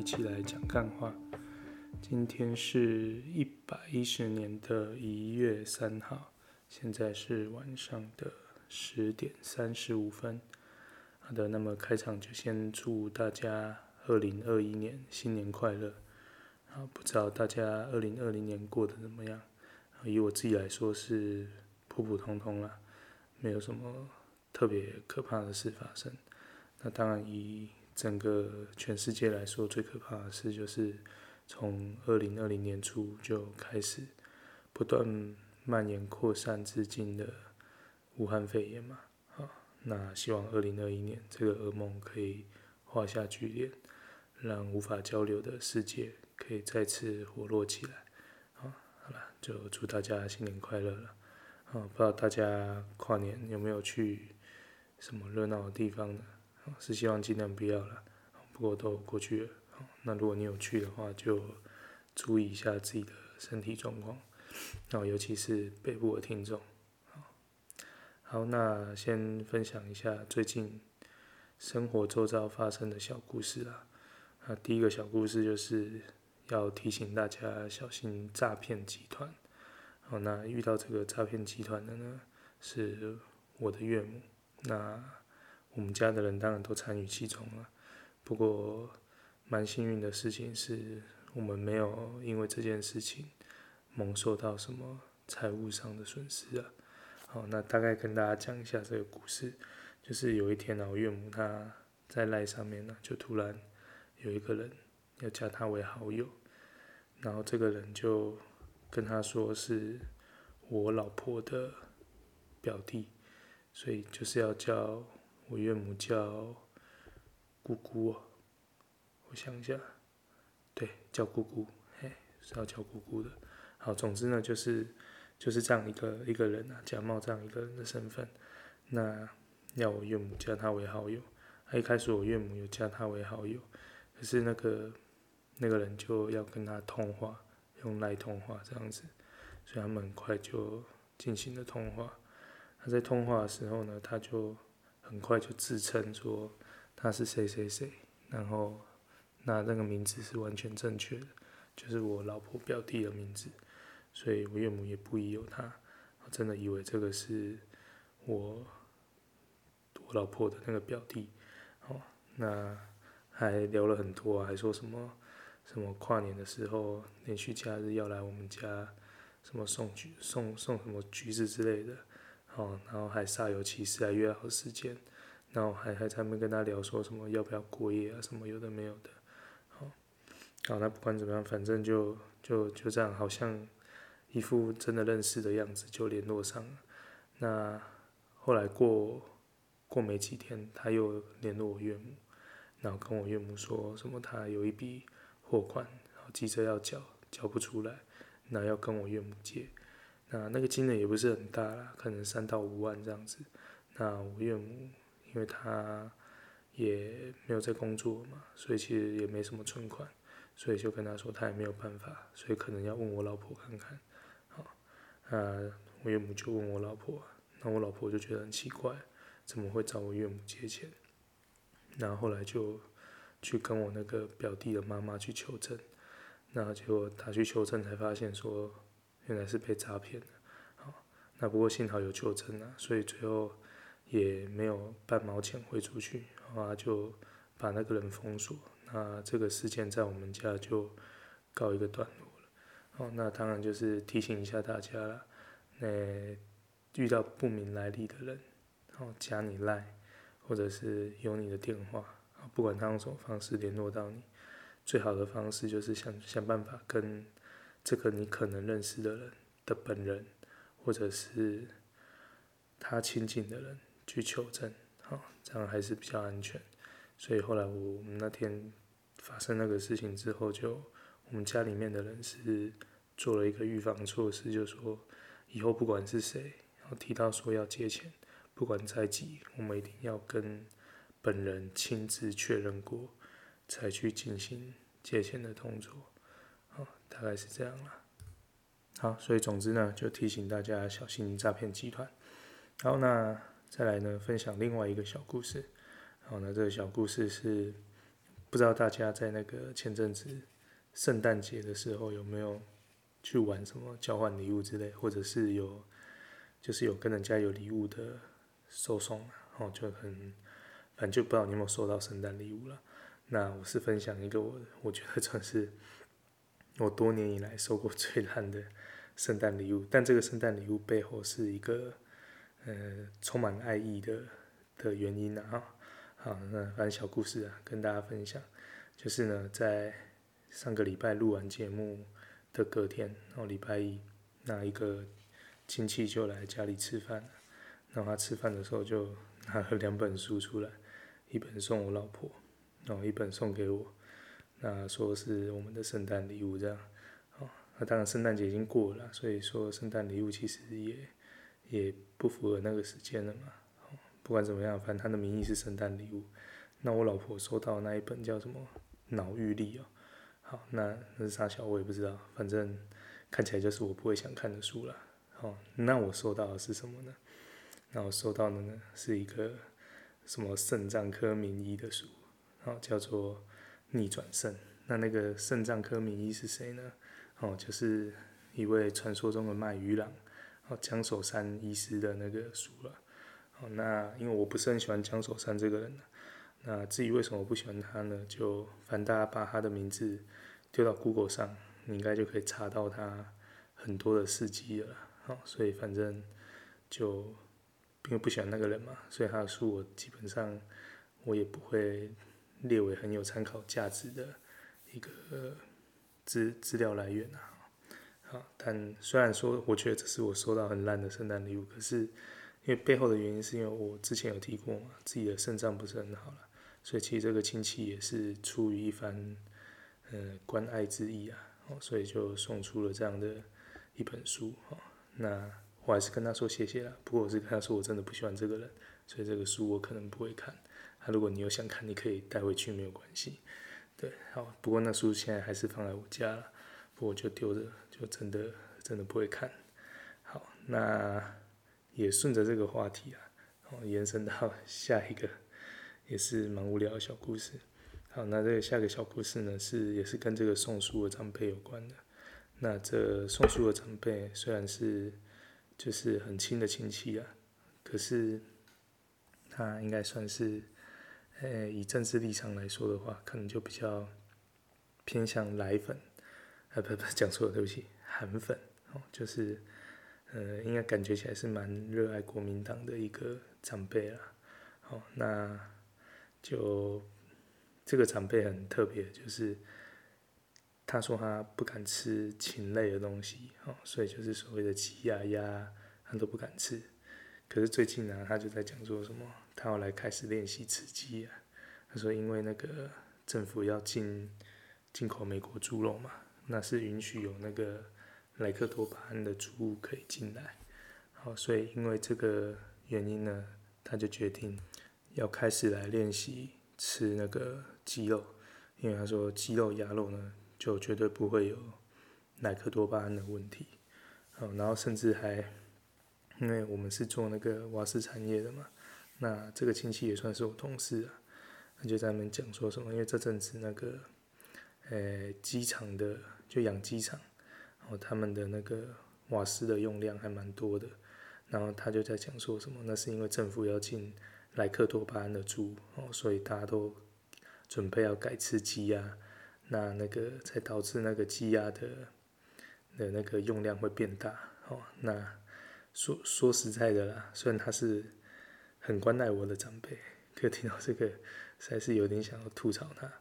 一起來講幹話。今天是一百一十年的一月三號，現在是晚上的十點三十五分。好的，那麼開場就先祝大家二零二一年新年快樂。啊，不知道大家二零二零年過得怎麼樣？以我自己來說是普普通通啦，沒有什麼特別可怕的事發生。那當然以整個全世界來說，最可怕的事就是從二零二零年初就開始不斷蔓延擴散至今的武漢肺炎嘛，啊，那希望二零二一年這個噩夢可以畫下句點，讓無法交流的世界可以再次活絡起來，啊，好啦，就祝大家新年快樂了，啊，不知道大家跨年有沒有去什麼熱鬧的地方呢？是希望盡量不要了，不過都過去了。那如果你有去的話，就注意一下自己的身體狀況，那尤其是北部的聽眾。好，那先分享一下最近生活周遭發生的小故事啦。那第一個小故事就是要提醒大家小心詐騙集團。好，那遇到這個詐騙集團的呢，是我的岳母。那我們家的人當然都參與其中了、啊，不過蠻幸運的事情是我們沒有因為這件事情蒙受到什麼財務上的損失啊。好，那大概跟大家講一下這個故事，就是有一天呢、啊，我岳母她在賴上面呢、啊，就突然有一個人要加她為好友，然後這個人就跟她說是我老婆的表弟，所以就是要叫。我岳母叫姑姑。我想一下，對，叫姑姑，嘿，是要叫姑姑的。好，總之呢，就是就是這樣一個一個人啊，假冒這樣一個人的身份，那要我岳母加他為好友。那一開始我岳母有加他為好友，可是那個那個人就要跟他通話，用 LINE 通話這樣子，所以他們很快就進行了通話。他在通話的時候呢，他就。很快就自稱說他是誰誰誰，然後那那個名字是完全正確的，就是我老婆表弟的名字，所以我岳母也不疑有他，我真的以為這個是我我老婆的那個表弟，哦，那還聊了很多啊，還說什麼什麼跨年的時候連續假日要來我們家，什麼送橘送送什麼橘子之類的。哦，然後還煞有其事，還約好時間，然後還還在那邊跟他聊說什麼要不要過夜啊，什麼有的沒有的，好，好，那不管怎麼樣，反正就就就這樣，好像一副真的認識的樣子就聯絡上了。那後來過過沒幾天，他又聯絡我岳母，然後跟我岳母說什麼他有一筆貨款，然後急着要繳，繳不出來，那要跟我岳母借。那那個金額也不是很大啦，可能三到五萬這樣子。那我岳母，因為她也沒有在工作嘛，所以其實也沒什麼存款，所以就跟她說，她也沒有辦法，所以可能要問我老婆看看。好，那我岳母就問我老婆，那我老婆就覺得很奇怪，怎麼會找我岳母借錢？然後後來就去跟我那個表弟的媽媽去求證，那結果她去求證才發現說，原來是被詐騙的，那不過幸好有求證吶，所以最後也沒有半毛錢匯出去，好啊，就把那個人封鎖。那這個事件在我們家就告一個段落了。那當然就是提醒一下大家了，欸，遇到不明來歷的人，然後加你賴，或者是有你的電話，不管他用什麼方式聯絡到你，最好的方式就是想想辦法跟。這個你可能認識的人的本人，或者是他親近的人去求證，啊，這樣還是比較安全。所以後來我，我們那天發生那個事情之後就，就我們家裡面的人是做了一個預防措施，就說以後不管是誰，然後提到說要借錢，不管再急，我們一定要跟本人親自確認過，才去進行借錢的動作。大概是這樣了，好，所以總之呢，就提醒大家小心詐騙集團。然後那再來呢，分享另外一個小故事。然後呢，那這個小故事是，不知道大家在那個前陣子聖誕節的時候有沒有去玩什麼交換禮物之類，或者是有，就是有跟人家有禮物的收送，然、哦、後就很，反正就不知道你有沒有收到聖誕禮物了。那我是分享一個我我覺得算是。我多年以來收過最爛的聖誕禮物，但這個聖誕禮物背後是一個，呃，充滿愛意的的原因啊！好，那反正小故事啊，跟大家分享，就是呢，在上個禮拜錄完節目的隔天，然後禮拜一，那一個親戚就來家裡吃飯，然後他吃飯的時候就拿了兩本書出來，一本送我老婆，然後一本送給我。那說是我們的聖誕禮物這樣，哦，那當然聖誕節已經過了，所以說聖誕禮物其實也也不符合那個時間了嘛，哦，不管怎麼樣，反正它的名義是聖誕禮物。那我老婆收到的那一本叫什麼《腦欲力》哦，好，那那是啥小我也不知道，反正看起來就是我不會想看的書了。哦，那我收到的是什麼呢？那我收到的呢是一個什麼腎臟科名醫的書，好，哦，叫做。逆轉腎，那那個腎臟科名醫是誰呢？哦，就是一位傳說中的賣魚郎，哦，江守山醫師的那個書了。哦，那因為我不是很喜歡江守山這個人，那至於為什麼我不喜歡他呢？就反正大家把他的名字丟到 Google 上，你應該就可以查到他很多的事跡了。哦。所以反正就因為不喜歡那個人嘛，所以他的書我基本上我也不會。列為很有參考價值的一個、呃、資資料來源啊，好，但雖然說我覺得這是我收到很爛的聖誕禮物，可是因為背後的原因是因為我之前有提過嘛，自己的腎臟不是很好了，所以其實這個親戚也是出於一番嗯、呃、關愛之意啊、哦，所以就送出了這樣的一本書、哦、那我還是跟他說謝謝啦，不過我是跟他說我真的不喜歡這個人，所以這個書我可能不會看。如果你有想看，你可以帶回去沒有關係。對，好，不過那書現在還是放在我家了，我就丟着，就真的真的不會看。好，那也順着這個話題啊，延伸到下一個，也是蠻無聊的小故事。好，那這個下個小故事呢，是也是跟這個送書的長輩有關的。那這送書的長輩雖然是就是很親的親戚啊，可是他應該算是。呃、欸，以政治立場來說的話，可能就比較偏向奶粉，啊、欸，不不，講錯了，對不起，韓粉哦，就是，呃，應該感覺起來是蠻熱愛國民黨的一個長輩了、哦，那就這個長輩很特別，就是他說他不敢吃禽類的東西，哦，所以就是所謂的雞鴨鴨，他都不敢吃，可是最近呢、啊，他就在講說什麼？他要來開始練習吃雞啊！他說，因為那個政府要進進口美國豬肉嘛，那是允許有那個萊克多巴胺的豬可以進來，好，所以因為這個原因呢，他就決定要開始來練習吃那個雞肉，因為他說雞肉鴨肉呢，就絕對不會有萊克多巴胺的問題，好，然後甚至還因為我們是做那個瓦斯產業的嘛。那這個親戚也算是我同事啊，他就在那邊講說什麼？因為這陣子那個，呃、欸，雞場的就養雞場，哦，然後他們的那個瓦斯的用量還蠻多的。然後他就在講說什麼？那是因為政府要進萊克多巴胺的豬哦，所以大家都準備要改吃雞鴨，那那個才導致那個雞鴨的的那個用量會變大哦。那說說實在的啦，雖然他是。很關愛我的長輩，可聽到這個，實在是有點想要吐槽他。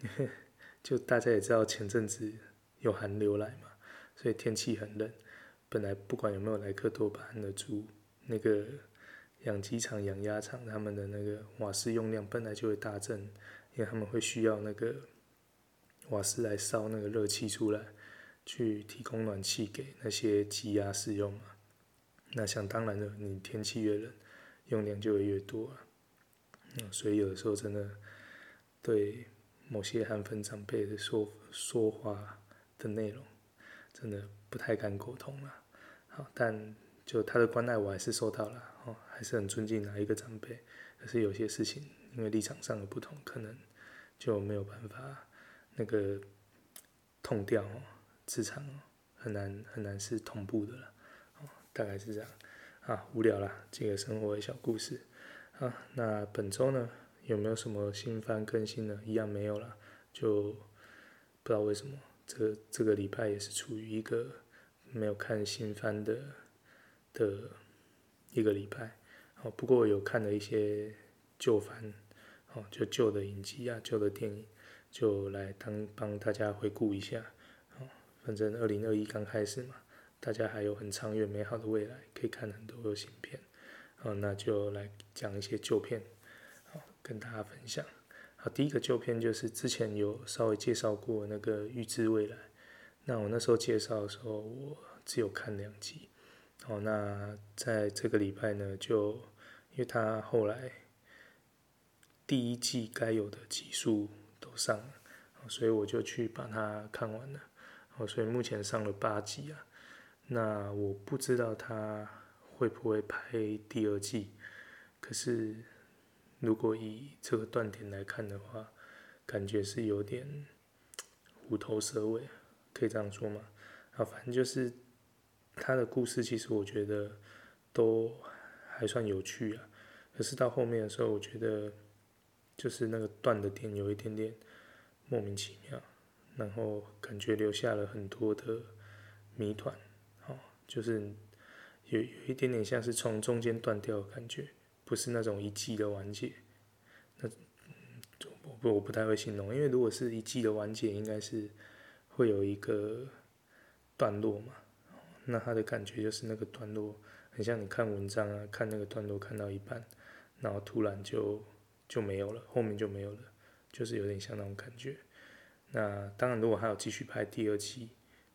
就大家也知道，前陣子有寒流來嘛，所以天氣很冷。本來不管有沒有萊克多巴胺的豬，那個養雞場、養鴨場他們的那個瓦斯用量本來就會大增，因為他們會需要那個瓦斯來燒那個熱氣出來，去提供暖氣給那些雞鴨使用嘛。那想當然了，你天氣越冷用量就會越多，啊，嗯，所以有的時候真的對某些韓粉長輩的說說話的內容，真的不太敢苟同了。好，但就他的關愛我還是收到了，哦，還是很尊敬哪、啊、一個長輩。可是有些事情因為立場上的不同，可能就沒有辦法那個同調哦，磁場、哦、很難很難是同步的了，哦，大概是這樣。啊，無聊啦，這個生活的小故事。啊，那本周呢，有沒有什麼新番更新呢？一樣沒有啦，就不知道為什麼，這這個禮拜也是處於一個沒有看新番的的一個禮拜。哦，不過有看了一些舊番，哦，就舊的影集啊，舊的電影，就來當幫大家回顧一下。哦，反正二零二一剛開始嘛。大家還有很長遠美好的未來，可以看很多新片，好，那就來講一些舊片，好，跟大家分享。好，第一個舊片就是之前有稍微介紹過那個《預支未來》。那我那時候介紹的時候，我只有看兩集。哦，那在這個禮拜呢，就因為他後來第一季該有的集數都上了，所以我就去把它看完了。哦，所以目前上了八集啊。那我不知道他會不會拍第二季，可是如果以這個斷點來看的話，感覺是有點虎頭蛇尾，可以這樣說嗎？啊，反正就是他的故事其實我覺得都還算有趣啊，可是到後面的時候，我覺得就是那個斷的點有一點點莫名其妙，然後感覺留下了很多的謎團。就是有有一點點像是從中間斷掉的感覺，不是那種一季的完結。那我不我不太會形容，因為如果是一季的完結，應該是會有一個段落嘛。那它的感覺就是那個段落很像你看文章啊，看那個段落看到一半，然後突然就就沒有了，後面就沒有了，就是有點像那種感覺。那當然，如果還有繼續拍第二季。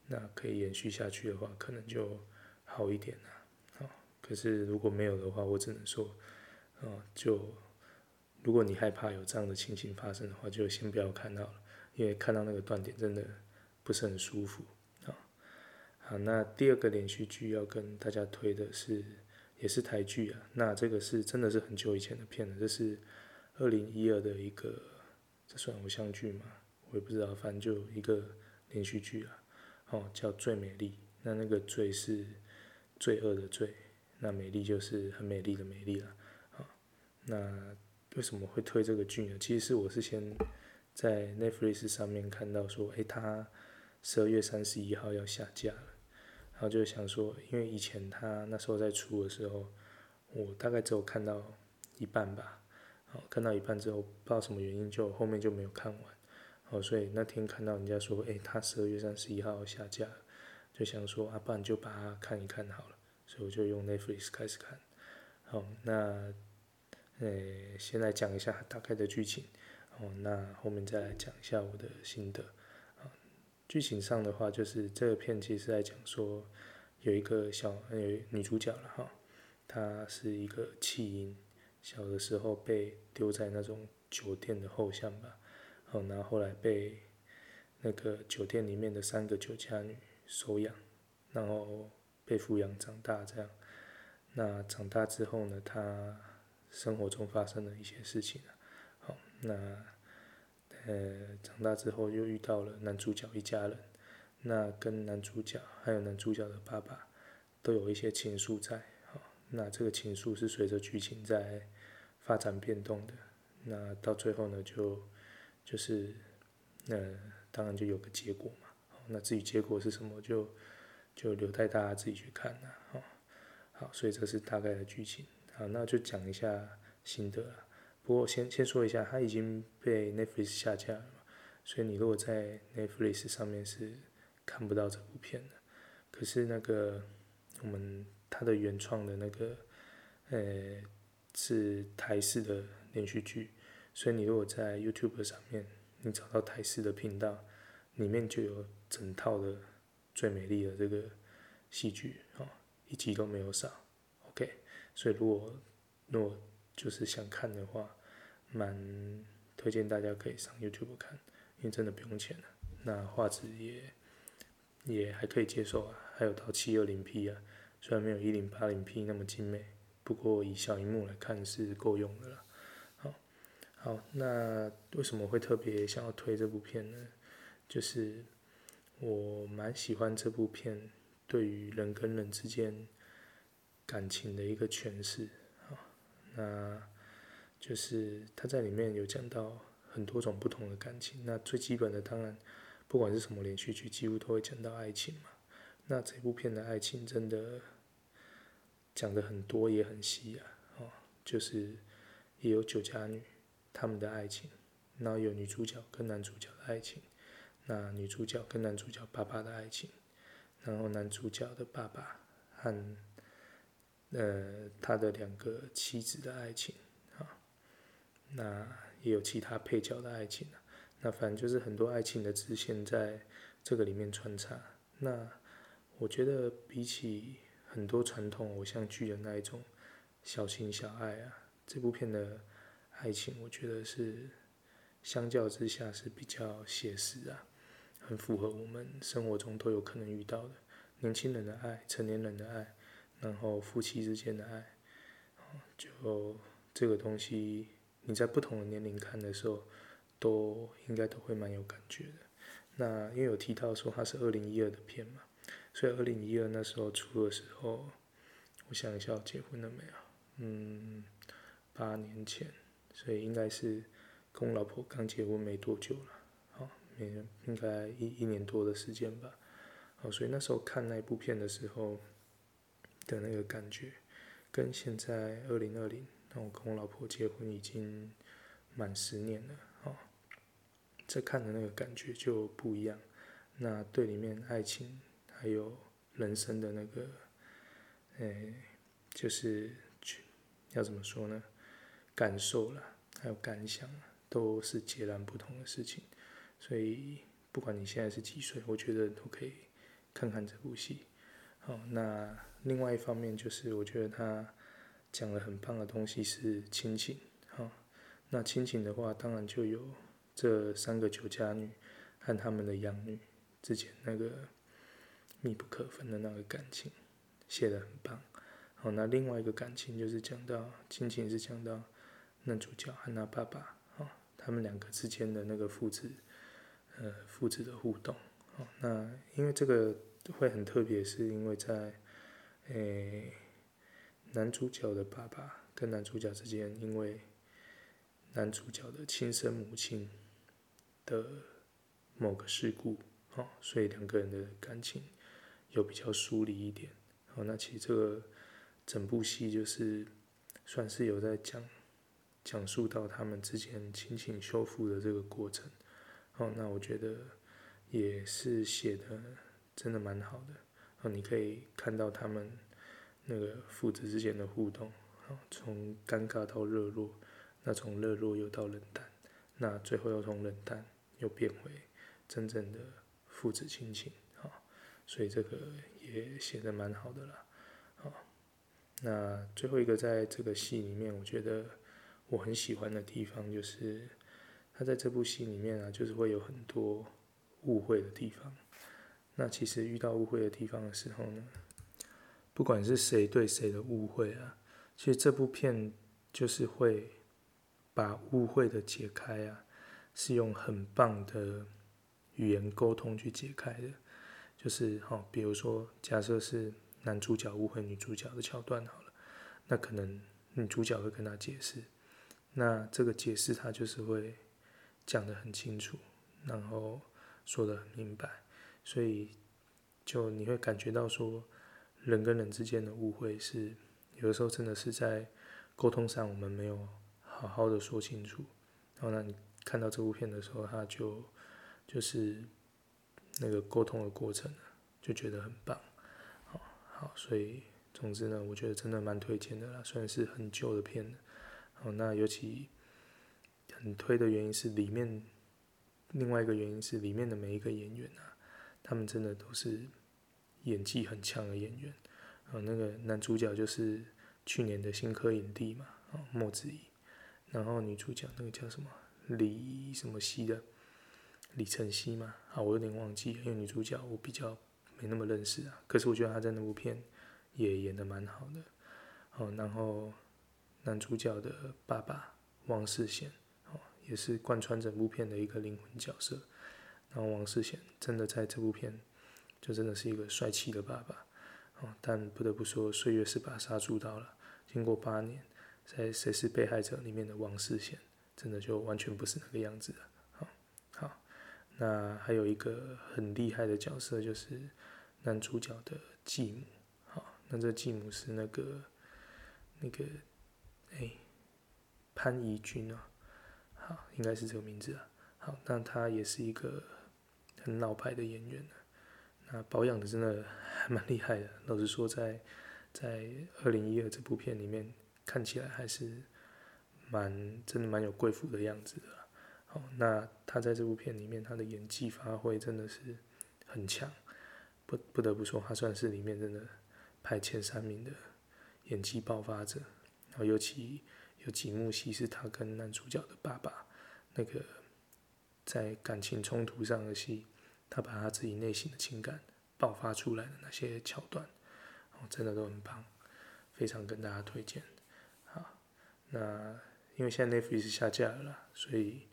那可以延續下去的話，可能就好一點了。好，可是如果沒有的話，我只能說，啊、嗯，就如果你害怕有這樣的情形發生的話，就先不要看到了，因為看到那個斷點真的不是很舒服。啊、嗯，好，那第二個連續劇要跟大家推的是，也是台劇啊。那這個是真的是很久以前的片了，這是二零一二的一個，這算偶像劇嗎？我也不知道，反正就一個連續劇啊。哦，叫《罪美麗》，那那個“罪”是罪惡的“罪”，那美麗就是很美麗的美麗了。好，那為什麼會推這個劇呢？其實是我是先在 Netflix 上面看到說，誒、欸，他十二月三十一號要下架了，然後就想說，因為以前他那時候在出的時候，我大概只有看到一半吧，好，看到一半之後，不知道什麼原因就，就後面就沒有看完。哦，所以那天看到人家說，哎、欸，他十二月三十一號下架，就想說，阿、啊、爸就把它看一看好了。所以我就用 Netflix 開始看。好，那，呃、欸，先來講一下大概的劇情。哦，那後面再來講一下我的心得。啊，劇情上的話，就是這個、片其實在講說，有一個小，呃、欸，女主角了哈、喔，她是一個棄嬰，小的時候被丟在那種酒店的後巷吧。然後後來被那個酒店裡面的三個酒家女收養，然後被撫養長大這樣。那長大之後呢，他生活中發生了一些事情啊。好，那呃，長大之後又遇到了男主角一家人，那跟男主角還有男主角的爸爸都有一些情愫在。好，那這個情愫是隨着劇情在發展變動的。那到最後呢，就就是，那、呃、當然就有個結果嘛。那至於結果是什麼，就就留待大家自己去看啦、哦。好，所以這是大概的劇情。好，那就講一下心得啦。不過先先說一下，它已經被 Netflix 下架了嘛，所以你如果在 Netflix 上面是看不到這部片的。可是那個我們它的原創的那個，呃，是台式的連續劇。所以你如果在 YouTube 上面，你找到台視的頻道，裡面就有整套的罪美麗的這個戲劇，哈、哦，一集都沒有少，OK。所以如果如果就是想看的話，蠻推薦大家可以上 YouTube 看，因為真的不用錢啊，那畫質也也還可以接受啊，還有到七二零 P 啊，雖然沒有一零八零 P 那麼精美，不過以小熒幕來看是夠用的啦。好，那為什麼會特別想要推這部片呢？就是我蠻喜歡這部片對於人跟人之間感情的一個詮釋。好，那就是他在裡面有講到很多種不同的感情。那最基本的當然，不管是什麼連續劇，幾乎都會講到愛情嘛。那這部片的愛情真的講得很多，也很細啊。哦，就是也有酒家女。他們的愛情，然後有女主角跟男主角的愛情，那女主角跟男主角爸爸的愛情，然後男主角的爸爸和呃他的兩個妻子的愛情，啊，那也有其他配角的愛情啊，那反正就是很多愛情的支線在這個裡面穿插。那我覺得比起很多傳統偶像劇的那一種小情小愛啊，這部片的。愛情，我覺得是相較之下是比較寫實啊，很符合我們生活中都有可能遇到的，年輕人的愛、成年人的愛，然後夫妻之間的愛，就這個東西，你在不同的年齡看的時候，都應該都會蠻有感覺的。那因為有提到說它是二零一二的片嘛，所以二零一二那時候出的時候，我想一下，結婚了沒有啊？嗯，八年前。所以應該是跟我老婆剛結婚沒多久了，好，沒，應該一一年多的時間吧，所以那時候看那部片的時候的那個感覺，跟現在二零二零，那我跟我老婆結婚已經滿十年了，好，在看的那個感覺就不一樣，那對裡面愛情還有人生的那個，哎、欸，就是要怎麼說呢？感受了。還有感想啊，都是截然不同的事情，所以不管你現在是幾歲，我覺得都可以看看這部戲。好，那另外一方面就是，我覺得他講了很棒的東西是親情。好，那親情的話，當然就有這三個酒家女和他們的養女之間那個密不可分的那個感情，寫得很棒。好，那另外一個感情就是講到親情，是講到，僅僅男主角和他爸爸啊、哦，他們兩個之間的那個父子，呃，父子的互動啊、哦。那因為這個會很特別，是因為在，誒、欸，男主角的爸爸跟男主角之間，因為男主角的親生母親的某個事故啊、哦，所以兩個人的感情有比較疏離一點。好、哦，那其實這個整部戲就是算是有在講。講述到他們之間親情修復的這個過程，哦，那我覺得也是寫的真的蠻好的。然後、哦、你可以看到他們那個父子之間的互動，哦，從尷尬到熱絡，那從熱絡又到冷淡，那最後又從冷淡又變回真正的父子親情，哈、哦，所以這個也寫的蠻好的啦，好、哦，那最後一個在這個戲裡面，我覺得。我很喜歡的地方就是，他在這部戲裡面啊，就是會有很多誤會的地方。那其實遇到誤會的地方的時候呢，不管是誰對誰的誤會啊，其實這部片就是會把誤會的解開啊，是用很棒的語言溝通去解開的。就是哈、哦，比如說假設是男主角誤會女主角的橋段好了，那可能女主角會跟他解釋。那這個解釋他就是會講得很清楚，然後說得很明白，所以就你會感覺到說人跟人之間的誤會是有的時候真的是在溝通上我們沒有好好的說清楚，然後那你看到這部片的時候，他就就是那個溝通的過程就覺得很棒。哦，好，所以總之呢，我覺得真的蠻推薦的啦，雖然是很久的片了。哦，那尤其很推的原因是裡面，另外一個原因是裡面的每一個演員啊，他們真的都是演技很強的演員。哦，那個男主角就是去年的新科影帝嘛，哦，莫子儀。然後女主角那個叫什麼李什麼西的，李晨曦嘛？啊，我有點忘記，因為女主角我比較沒那麼認識啊。可是我覺得她在那部片也演得蠻好的。哦，然後。男主角的爸爸王識賢哦，也是貫穿整部片的一個靈魂角色。然後王識賢真的在這部片就真的是一個帥氣的爸爸哦，但不得不說歲月是把殺豬刀了。經過八年，在《誰是被害者》裡面的王識賢真的就完全不是那個樣子了。好，好，那還有一個很厲害的角色就是男主角的繼母。好，那這繼母是那個那個。哎、欸，潘怡君啊，好，應該是這個名字啊。好，那他也是一個很老牌的演員了，啊。那保養的真的還蠻厲害的。老實說在，在在二零一二這部片裡面，看起來還是蠻真的蠻有貴婦的樣子的。好，那他在這部片裡面，他的演技發揮真的是很強，不不得不說他算是裡面真的排前三名的演技爆發者。然後尤其有幾幕戲是她跟男主角的爸爸，那個在感情衝突上的戲，她把她自己內心的情感爆發出來的那些橋段，哦，真的都很棒，非常跟大家推薦。啊，那因為現在 Netflix 下架了啦，所以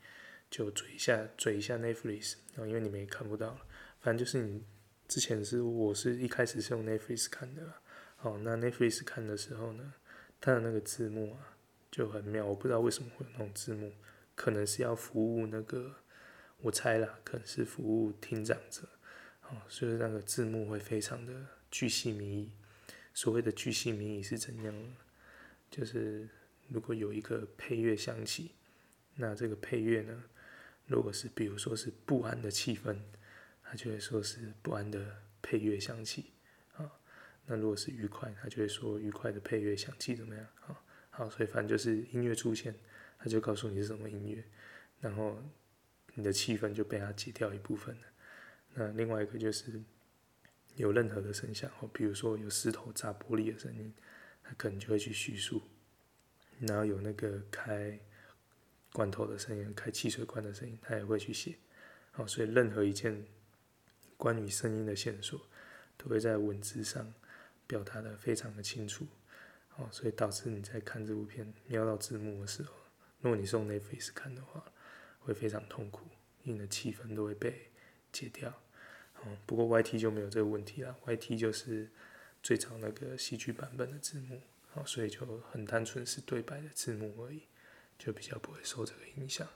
就追一下嘴一下 Netflix，哦。然後因為你們也看不到了，反正就是你之前是我是一開始是用 Netflix 看的，哦，那 Netflix 看的時候呢？他的那個字幕啊，就很妙，我不知道為什麼會有那種字幕，可能是要服務那個，我猜啦，可能是服務聽障者，哦，所以那個字幕會非常的巨細靡遺。所謂的巨細靡遺是怎樣的？就是如果有一個配樂響起，那這個配樂呢，如果是比如說是不安的氣氛，他就會說是不安的配樂響起。那如果是愉快，他就會說愉快的配樂響起怎麼樣？好，好，所以反正就是音樂出現，他就告訴你是什麼音樂，然後你的氣氛就被他擠掉一部分了。那另外一個就是有任何的聲響，哦，比如說有石頭砸玻璃的聲音，他可能就會去敘述。然後有那個開罐頭的聲音，開汽水罐的聲音，他也會去寫。哦，所以任何一件關於聲音的線索，都會在文字上。表達的非常的清楚，哦，所以導致你在看這部片瞄到字幕的時候，如果你是用那 face 看的話，會非常痛苦，因為你的氣氛都會被解掉。好，不過 YT 就沒有這個問題了，YT 就是最早那個戲劇版本的字幕，好，所以就很單純是對白的字幕而已，就比較不會受這個影響。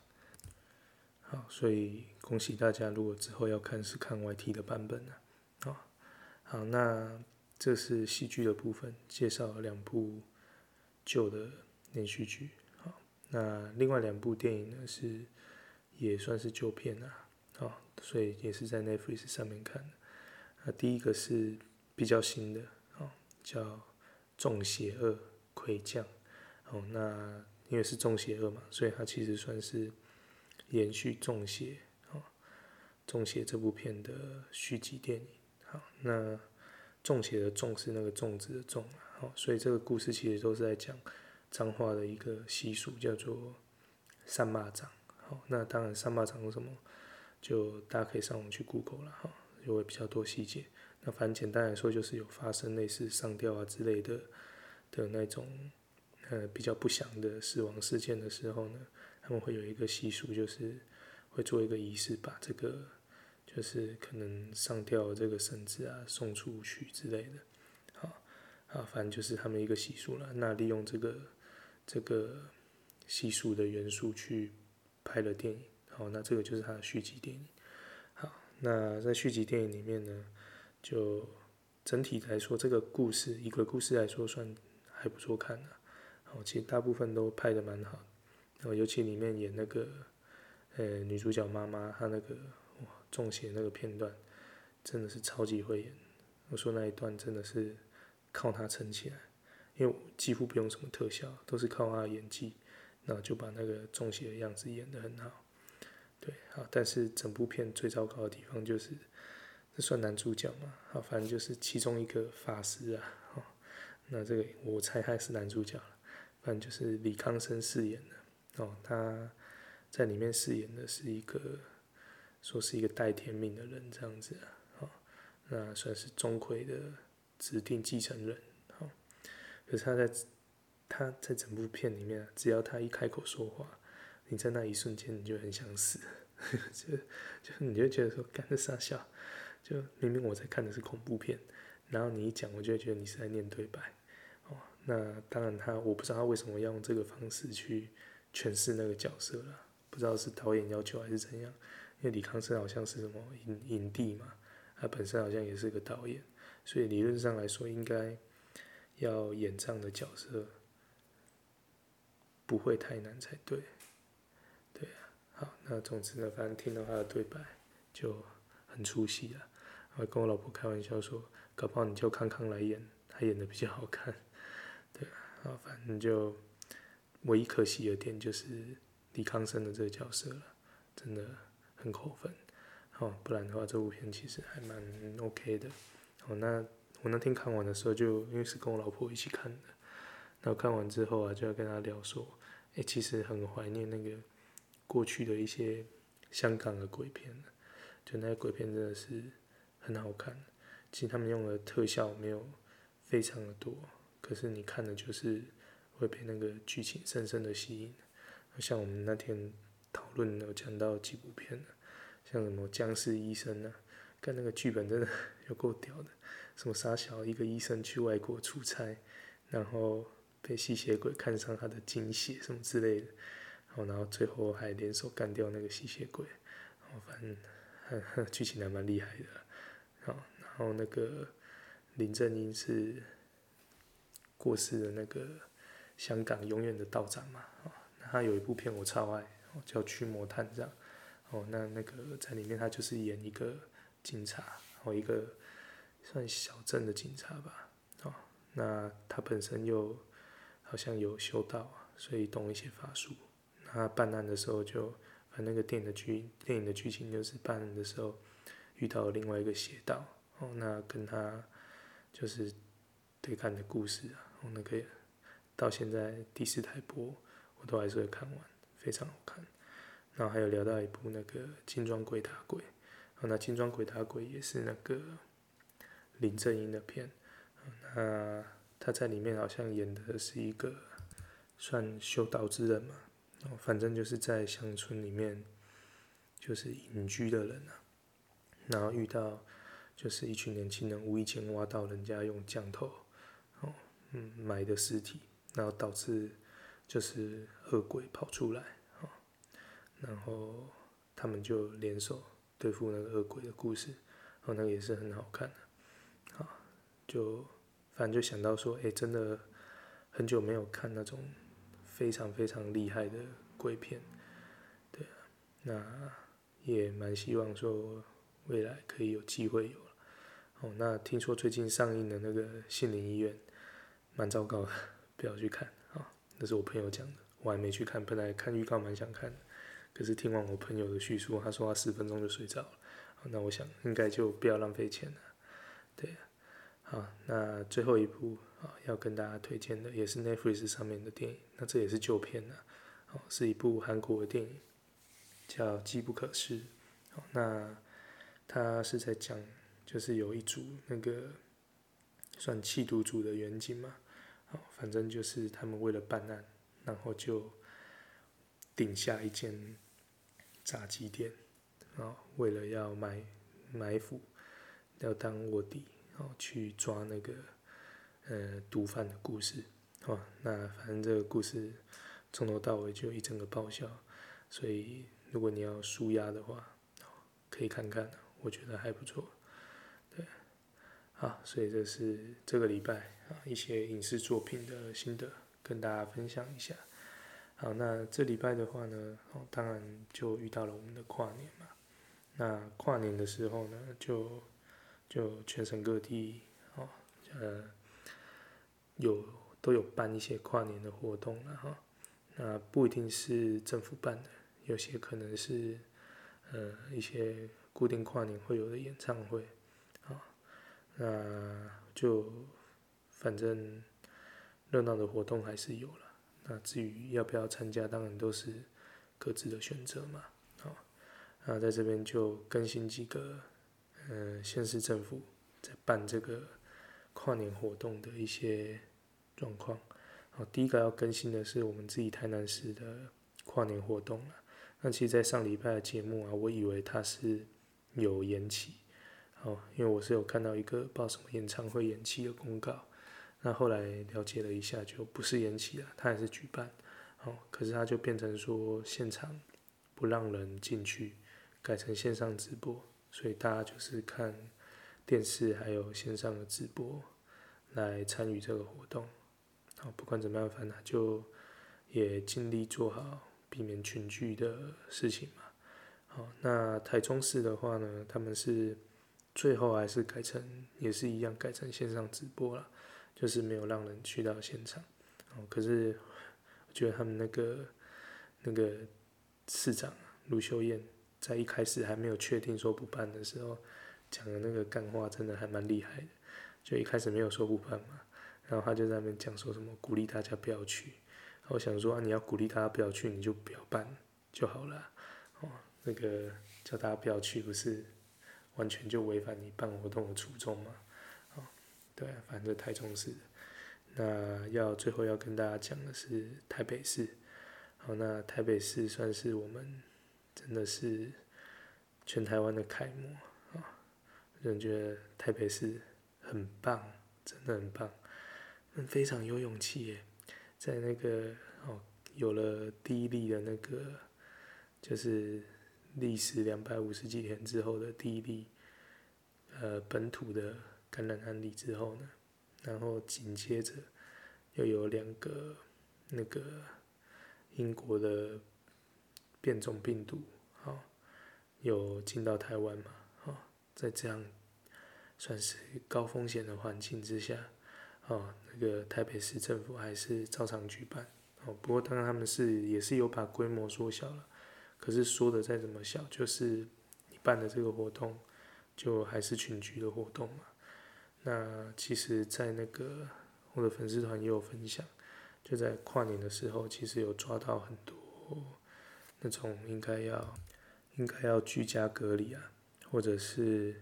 好，所以恭喜大家，如果之後要看是看 YT 的版本了，啊。哦，好，那。這是戲劇的部分，介紹了兩部舊的連續劇。那另外兩部電影呢，是也算是舊片啊。所以也是在 Netflix 上面看的。那、啊、第一個是比較新的，哦、叫《粽邪2馗降》。那因為是粽邪2嘛，所以它其實算是延續粽邪、哦，粽邪這部片的續集電影。好，那。粽邪的粽是那個粽子的粽啊，好，所以這個故事其實都是在講髒話的一個習俗，叫做送肉粽。好，那當然送肉粽是什麼，就大家可以上網去 Google 了，哈，就會比較多細節。那反正簡單來說，就是有發生類似上吊啊之類的的那種呃比較不祥的死亡事件的時候呢，他們會有一個習俗，就是會做一個儀式，把這個。就是可能上吊這個繩子啊，送出去之類的，好啊，反正就是他們一個習俗了。那利用這個這個習俗的元素去拍了電影，好，那這個就是他的續集電影。好，那在續集電影裡面呢，就整體來說，這個故事一個故事來說算還不錯看的，啊。好，其實大部分都拍得的蠻好，然、呃、後尤其裡面演那個呃女主角媽媽她那個。中邪那個片段真的是超級會演，我說那一段真的是靠他撐起來，因為幾乎不用什麼特效，都是靠他的演技，然後就把那個中邪的樣子演得很好。對，好，但是整部片最糟糕的地方就是，這算男主角嘛，好，反正就是其中一個法師啊，哦，那這個我猜他是男主角了，反正就是李康生飾演的哦，他在裡面飾演的是一個。說是一個帶天命的人這樣子啊，哦、那算是鍾馗的指定繼承人、哦、可是他在他在整部片裡面、啊、只要他一開口說話，你在那一瞬間你就很想死，呵呵就就你就覺得說，幹，三小，就明明我在看的是恐怖片，然後你一講，我就覺得你是在念對白哦。那當然他，我不知道他為什麼要用這個方式去詮釋那個角色啦，不知道是導演要求還是怎樣。因為李康生好像是什麼影影帝嘛，他本身好像也是個導演，所以理論上來說應該要演這樣的角色不會太難才對，對啊。好，那總之呢，反正聽到他的對白就很出戲了。然後跟我老婆開玩笑說，搞不好你就康康來演，他演得比較好看。對啊，好，反正就唯一可惜的點就是李康生的這個角色了，真的。很扣分，哦，不然的話，這部片其實還蠻 OK 的。哦，那我那天看完的時候就，就因為是跟我老婆一起看的，那我看完之後啊，就要跟她聊說，誒、欸，其實很懷念那個過去的一些香港的鬼片，就那些鬼片真的是很好看，其實他們用的特效沒有非常的多，可是你看的就是會被那個劇情深深的吸引。像我們那天討論有講到幾部片，像什麼僵屍醫生啊，跟那個劇本真的有夠屌的。什麼傻小一個醫生去外國出差，然後被吸血鬼看上他的精血什麼之類的，然後最後還聯手幹掉那個吸血鬼。反正劇情還蠻厲害的。好，然後那個林正英是過世的那個香港永遠的道長嘛，他有一部片我超愛，叫《驅魔探長》。哦，那那個在裡面，他就是演一個警察，哦，一個算小鎮的警察吧。哦，那他本身又好像有修道啊，所以懂一些法術。那他辦案的時候就，就反正那個電影的劇，電影的劇情就是辦案的時候遇到了另外一個邪道，哦，那跟他就是對看的故事啊。哦，那個到現在第四台播，我都還是會看完，非常好看。然後還有聊到一部那個《精裝鬼打鬼》，那《精裝鬼打鬼》也是那個林正英的片，他他在裡面好像演的是一個算修道之人嘛，反正就是在鄉村裡面就是隱居的人啊，然後遇到就是一群年輕人無意間挖到人家用降頭哦，嗯埋的屍體，然後導致就是惡鬼跑出來。然後他們就聯手對付那個惡鬼的故事，然後，哦，那個也是很好看的，啊，就反正就想到說，哎，真的很久沒有看那種非常非常厲害的鬼片，對啊，那也蠻希望說未來可以有機會有了。哦，那聽說最近上映的那個《心靈醫院》蠻糟糕的，不要去看啊，哦，那是我朋友講的，我還沒去看，本來看預告蠻想看的。可是聽完我朋友的敘述，他說他十分鐘就睡着了。那我想應該就不要浪費錢了。對啊，好，那最後一部啊要跟大家推薦的也是 Netflix 上面的電影，那這也是舊片，啊、是一部韓國的電影叫《雞不可失》。那他是在講就是有一組那個算緝毒組的員警嘛，反正就是他們為了辦案，然後就頂下一間炸雞店，啊，為了要埋埋伏，要當臥底，啊，去抓那個，呃，毒販的故事，啊，那反正這個故事從頭到尾就一整個爆笑，所以如果你要紓壓的話，可以看看，我覺得還不錯，對，啊，所以這是這個禮拜啊一些影視作品的心得，跟大家分享一下。好，那這禮拜的話呢，哦，當然就遇到了我們的跨年嘛。那跨年的時候呢，就就全省各地，哦，呃，有都有辦一些跨年的活動了哈，哦。那不一定是政府辦的，有些可能是呃一些固定跨年會有的演唱會，啊，哦，那就反正熱鬧的活動還是有了。那至於要不要參加，當然都是各自的選擇嘛。好，那在這邊就更新幾個，嗯、呃，縣市政府在辦這個跨年活動的一些狀況。好，第一個要更新的是我們自己台南市的跨年活動。那其實，在上禮拜的節目啊，我以為它是有延期，哦，因為我是有看到一個報什麼演唱會延期的公告。那後來了解了一下，就不是延期了，他還是舉辦，哦，可是他就變成說現場不讓人進去，改成線上直播，所以大家就是看電視還有線上的直播來參與這個活動，好，不管怎麼樣，反正就也盡力做好避免群聚的事情嘛。好，那台中市的話呢，他們是最後還是改成也是一樣改成線上直播了。就是沒有讓人去到現場，哦，可是我覺得他們那個那個市長盧秀燕在一開始還沒有確定說不辦的時候，講的那個幹話真的還蠻厲害的，就一開始沒有說不辦嘛，然後他就在那邊講說什麼鼓勵大家不要去，然後我想說啊，你要鼓勵大家不要去，你就不要辦就好啦，哦，那個叫大家不要去，不是完全就違反你辦活動的初衷嗎？對，反正台中市，那要最後要跟大家講的是台北市。好，那台北市算是我們真的是全台灣的楷模啊！我覺得台北市很棒，真的很棒，非常有勇氣耶，在那個哦有了第一例的那個，就是歷時兩百五十幾天之後的第一例，呃，本土的。感染案例之後呢，然後緊接着又有兩個那個英國的變種病毒，好、哦、有進到台灣嘛，好、哦、在這樣算是高風險的環境之下，啊、哦、那個台北市政府還是照常舉辦，哦，不過當然他們是也是有把規模縮小了，可是縮的再怎麼小，就是你辦的這個活動就還是群聚的活動嘛。那其實，在那個我的粉絲團也有分享，就在跨年的時候，其實有抓到很多那種應該要應該要居家隔離啊，或者是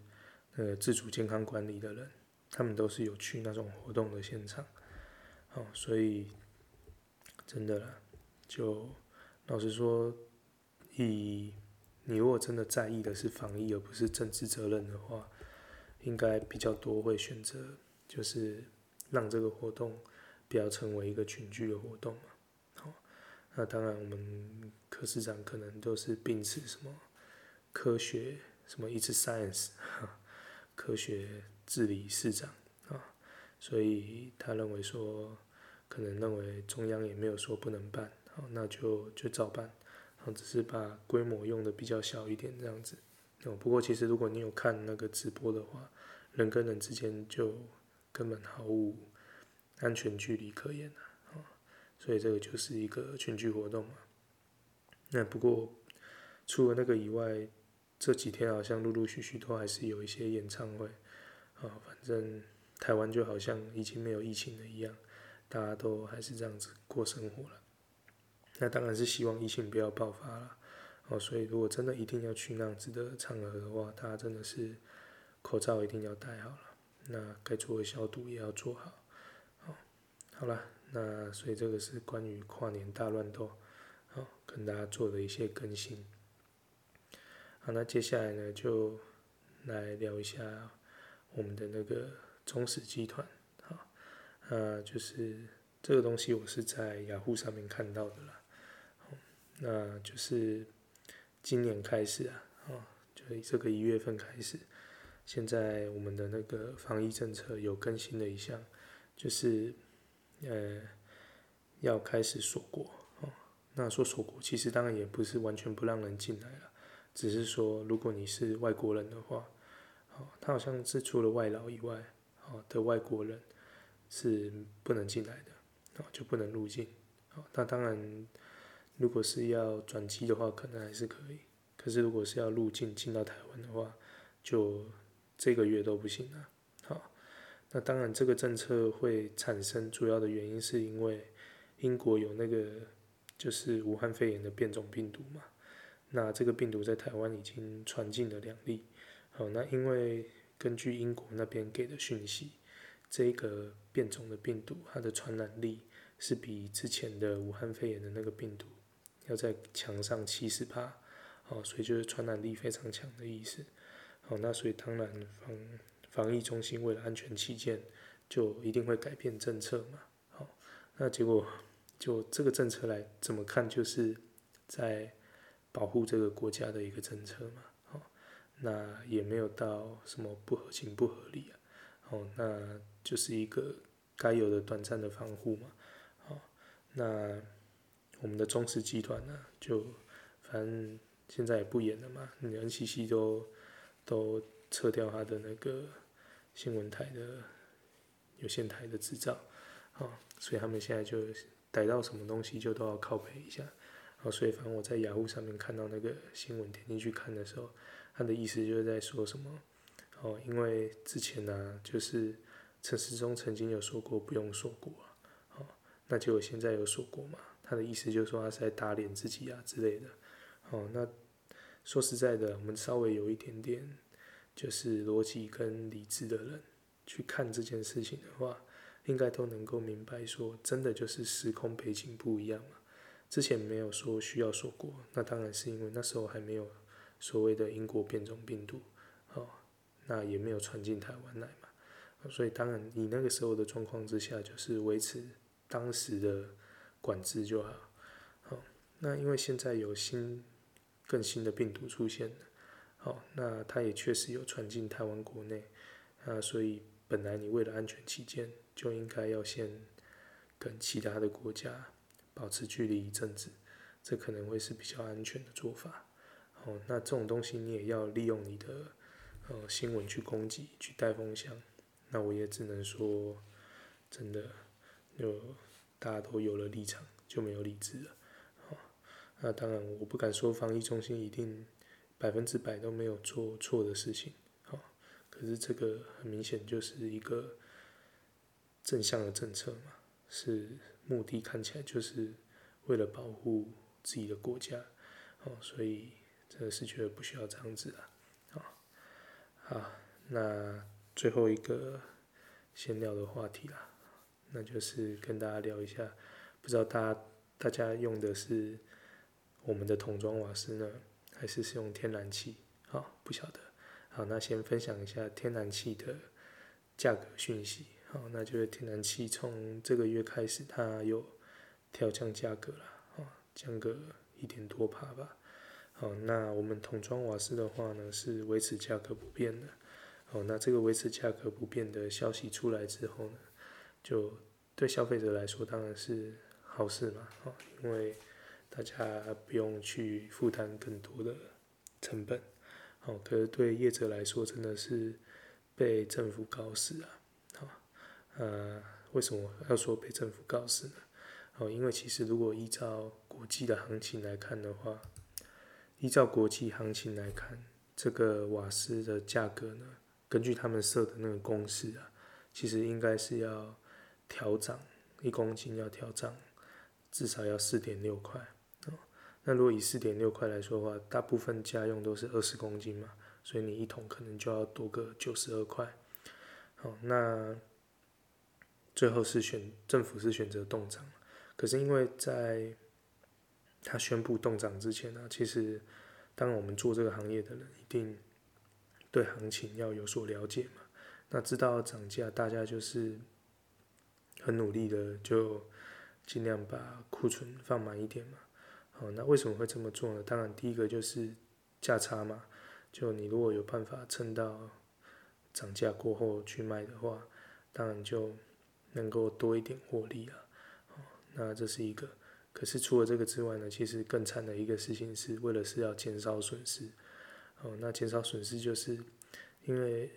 呃自主健康管理的人，他們都是有去那種活動的現場，哦，所以真的啦，就老實說，以你如果真的在意的是防疫，而不是政治責任的話。應該比較多會選擇，就是讓這個活動不要成為一個群聚的活動嘛。好、哦，那當然，我們柯市長可能都是秉持什麼科學什麼一次 science，科學治理市長啊、哦，所以他認為說，可能認為中央也沒有說不能辦，哦、那就就照辦，然後只是把規模用的比較小一點這樣子。哦、嗯，不過其實如果你有看那個直播的話，人跟人之間就根本毫無安全距離可言了、啊哦、所以這個就是一個群聚活動嘛、啊。那不過除了那個以外，這幾天好像陸陸續續都還是有一些演唱會啊、哦，反正台灣就好像已經沒有疫情了一樣，大家都還是這樣子過生活了。那當然是希望疫情不要爆發了。哦，所以如果真的一定要去那樣子的場合的話，大家真的是口罩一定要戴好了，那該做的消毒也要做好。好，好了，那所以這個是關於跨年大亂鬥，好，跟大家做的一些更新。好，那接下來呢，就來聊一下我們的那個中時集團。好，呃，就是這個東西我是在雅虎上面看到的啦。好，那就是。今年開始啊，哦，就這個一月份開始，現在我們的那個防疫政策有更新了一項，就是，呃，要開始鎖國，哦，那說鎖國其實當然也不是完全不讓人進來了，只是說如果你是外國人的話，哦，他好像是除了外勞以外，哦的外國人是不能進來的，哦，就不能入境，哦，那當然。如果是要轉機的話，可能還是可以。可是如果是要入境進到台灣的話，就這個月都不行了。好，那當然這個政策會產生主要的原因，是因為英國有那個就是武漢肺炎的變種病毒嘛。那這個病毒在台灣已經傳進了兩例。好，那因為根據英國那邊給的訊息，這個變種的病毒它的傳染力是比之前的武漢肺炎的那個病毒。要在強上七十趴哦，所以就是傳染力非常強的意思，好、哦，那所以當然防防疫中心為了安全起見，就一定會改變政策嘛，好、哦，那結果就這個政策來怎麼看，就是在保護這個國家的一個政策嘛，好、哦，那也沒有到什麼不合情不合理啊，哦，那就是一個該有的短暫的防護嘛，好、哦，那。我們的中時集團呢、啊，就反正現在也不演了嘛。你 NCC 都都撤掉他的那個新聞台的有線台的執照，啊，所以他們現在就逮到什麼東西就都要靠北一下。啊，所以反正我在雅虎上面看到那個新聞，點進去看的時候，他的意思就是在說什麼，哦，因為之前呢、啊，就是陳時中曾經有說過，不用說過啊，那就我現在有說過嘛。他的意思就是說，他是在打臉自己啊之類的。哦，那說實在的，我們稍微有一點點就是邏輯跟理智的人去看這件事情的話，應該都能夠明白，說真的就是時空背景不一樣嘛。之前沒有說需要鎖國，那當然是因為那時候還沒有所謂的英國變種病毒，哦，那也沒有傳進台灣來嘛。所以當然，你那個時候的狀況之下，就是維持當時的。管制就好，好，那因為現在有新、更新的病毒出現，好，那它也確實有傳進台灣國內，那所以本來你為了安全起見，就應該要先跟其他的國家保持距離一陣子，這可能會是比較安全的做法，好，那這種東西你也要利用你的呃新聞去攻擊去帶風向，那我也只能說，真的，有大家都有了立場，就沒有理智了。哦、那當然，我不敢說防疫中心一定百分之百都沒有做錯的事情、哦。可是這個很明顯就是一個正向的政策嘛，是目的看起來就是為了保護自己的國家、哦。所以真的是覺得不需要這樣子了。啊、哦，那最後一個閒聊的話題啦。那就是跟大家聊一下，不知道大家大家用的是我們的桶裝瓦斯呢，還是是用天然氣？啊、哦，不曉得。好，那先分享一下天然氣的價格訊息。好，那就是天然氣從這個月開始它有調降價格了，啊，降個一點多趴吧。好，那我們桶裝瓦斯的話呢是維持價格不變的。好，那這個維持價格不變的消息出來之後呢？就對消費者來說當然是好事嘛，哦，因為大家不用去負擔更多的成本，哦，可是對業者來說真的是被政府搞死啊，哦，呃，為什麼要說被政府搞死呢？哦，因為其實如果依照國際的行情來看的話，依照國際行情來看，這個瓦斯的價格呢，根據他們設的那個公式啊，其實應該是要，調漲一公斤要調漲至少要四點六塊，那如果以四點六塊來說的話，大部分家用都是二十公斤嘛，所以你一桶可能就要多個九十二塊。好、哦，那最後是選政府是選擇凍漲，可是因為在他宣布凍漲之前呢、啊，其實當我們做這個行業的人一定對行情要有所了解嘛，那知道漲價，大家就是。很努力的，就盡量把庫存放滿一點嘛。好，那為什麼會這麼做呢？當然，第一個就是價差嘛。就你如果有辦法撐到漲價過後去賣的話，當然就能夠多一點獲利啊。哦，那這是一個。可是除了這個之外呢，其實更慘的一個事情是為了是要減少損失。哦，那減少損失就是因為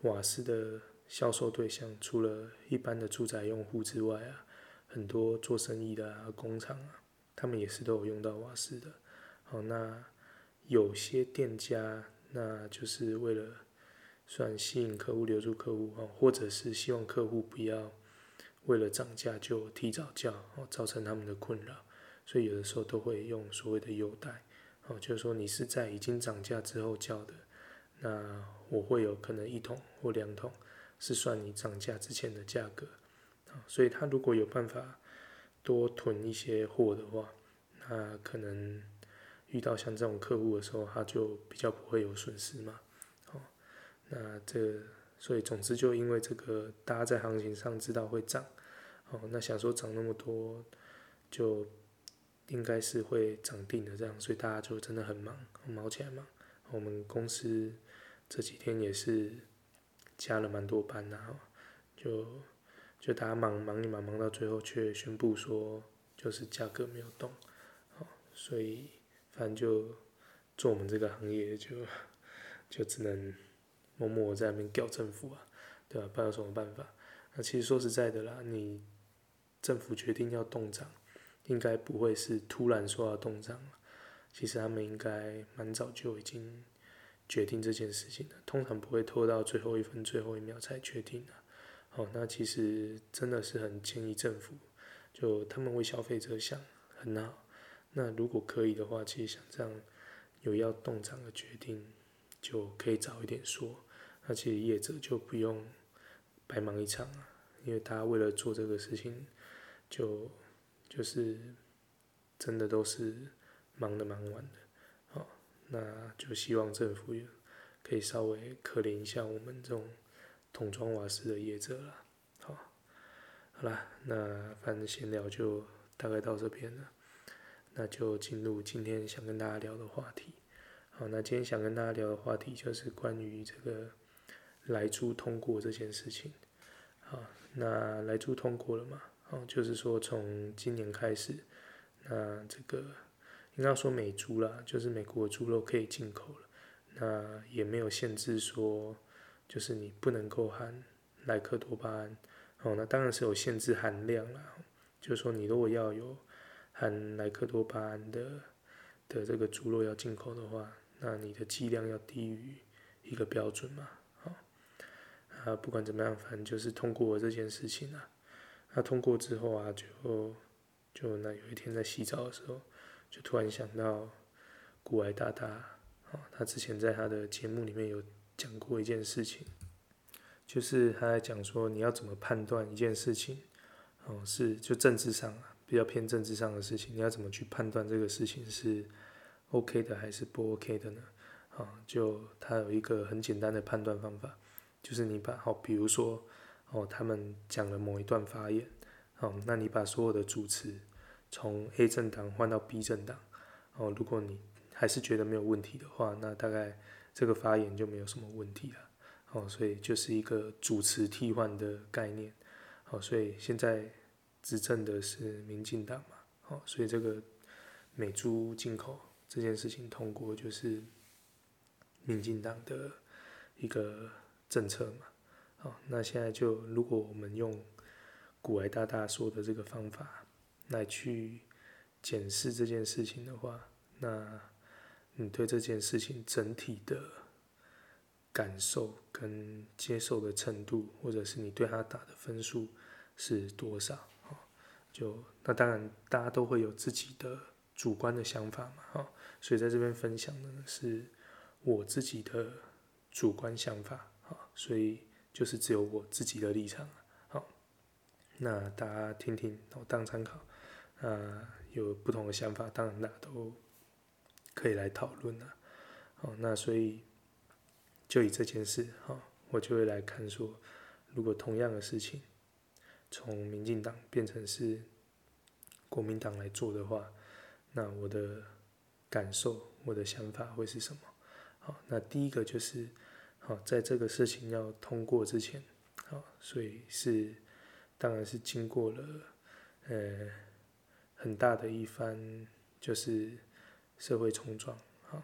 瓦斯的。銷售對象除了一般的住宅用戶之外啊，很多做生意的啊、工廠啊，他們也是都有用到瓦斯的。好，那有些店家，那就是為了算吸引客戶、留住客戶啊，或者是希望客戶不要為了漲價就提早叫哦，造成他們的困擾，所以有的時候都會用所謂的優待，哦，就是說你是在已經漲價之後叫的，那我會有可能一桶或兩桶，是算你漲價之前的價格，所以他如果有辦法多囤一些貨的話，那可能遇到像這種客戶的時候，他就比較不會有損失嘛，哦，那這所以總之就因為這個，大家在行情上知道會漲，哦，那想說漲那麼多，就應該是會漲定的這樣，所以大家就真的很忙，很忙起來嘛。我們公司這幾天也是。加了蠻多班後、啊、就就大家忙忙一忙忙到最後，卻宣布說就是價格沒有動，哦，所以反正就做我們這個行業就就只能默默在那邊叫政府啊，對吧、啊？沒有什麼辦法。那其實說實在的啦，你政府決定要凍漲，應該不會是突然說要凍漲，其實他們應該蠻早就已經。決定這件事情的、啊，通常不會拖到最後一分最後一秒才決定的、啊。好、哦,那其實真的是很建議政府，就他們為消費者想，很好。那如果可以的話，其實像這樣有要凍漲的決定，就可以早一點說，那其實業者就不用白忙一場啊，因為大家為了做這個事情，就就是真的都是忙的蠻晚的。那就希望政府也可以稍微可憐一下我們這種桶裝瓦斯的業者了，好，好啦，那反正閒聊就大概到這邊了，那就進入今天想跟大家聊的話題，好，那今天想跟大家聊的話題就是關於這個萊豬通過這件事情，好，那萊豬通過了嘛，好，就是說從今年開始，那這個。應該說美豬啦，就是美國的豬肉可以進口了，那也沒有限制說，就是你不能夠含萊克多巴胺哦。那當然是有限制含量啦。就是說你如果要有含萊克多巴胺的的這個豬肉要進口的話，那你的劑量要低於一個標準嘛。啊、哦，不管怎麼樣，反正就是通過了這件事情啊。那通過之後啊，就就那有一天在洗澡的時候。就突然想到古埃大大，哦，他之前在他的節目裡面有講過一件事情，就是他在講說你要怎麼判斷一件事情，哦，是就政治上，啊，比較偏政治上的事情，你要怎麼去判斷這個事情是 OK 的還是不 OK 的呢？哦，就他有一個很簡單的判斷方法，就是你把，哦，比如說哦，他們講了某一段發言，哦，那你把所有的主持。從 A 政黨換到 B 政黨，哦，如果你還是覺得沒有問題的話，那大概這個發言就沒有什麼問題了。哦，所以就是一個主持替換的概念。哦，所以現在執政的是民進黨嘛。哦，所以這個美豬進口這件事情通過就是民進黨的一個政策嘛。哦，那現在就如果我們用古埃大大說的這個方法。來去檢視這件事情的話，那你對這件事情整體的感受跟接受的程度，或者是你對他打的分數是多少？哦，就，那當然大家都會有自己的主觀的想法嘛，哦，所以在這邊分享的是我自己的主觀想法，哦，所以就是只有我自己的立場，好，哦，那大家聽聽，哦，當參考。呃，有不同的想法，當然那都可以來討論了，好，那所以就以這件事哈，我就會來看說，如果同樣的事情從民進黨變成是國民黨來做的話，那我的感受、我的想法會是什麼？好，那第一個就是，好，在這個事情要通過之前，好，所以是當然是經過了，呃。很大的一番就是社會衝撞啊，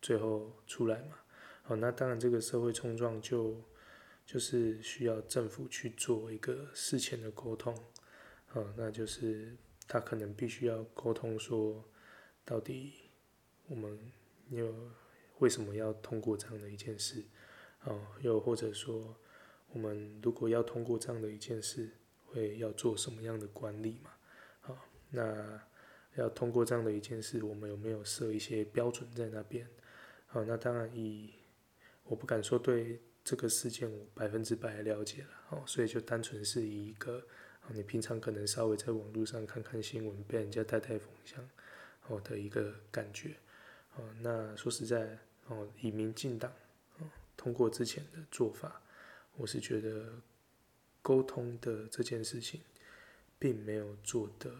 最後出來嘛，哦，那當然這個社會衝撞就就是需要政府去做一個事前的溝通，啊，那就是他可能必須要溝通說，到底我們有，為什麼要通過這樣的一件事，啊，又或者說我們如果要通過這樣的一件事，會要做什麼樣的管理嘛？那要通過這樣的一件事，我們有沒有設一些標準在那邊？好、哦，那當然以我不敢說對這個事件我百分之百了解了、哦，所以就單純是以一個、哦、你平常可能稍微在網絡上看看新聞，被人家帶帶風向，我、哦、的一個感覺、哦。那說實在，哦，以民進黨、哦，通過之前的做法，我是覺得溝通的這件事情，並沒有做得。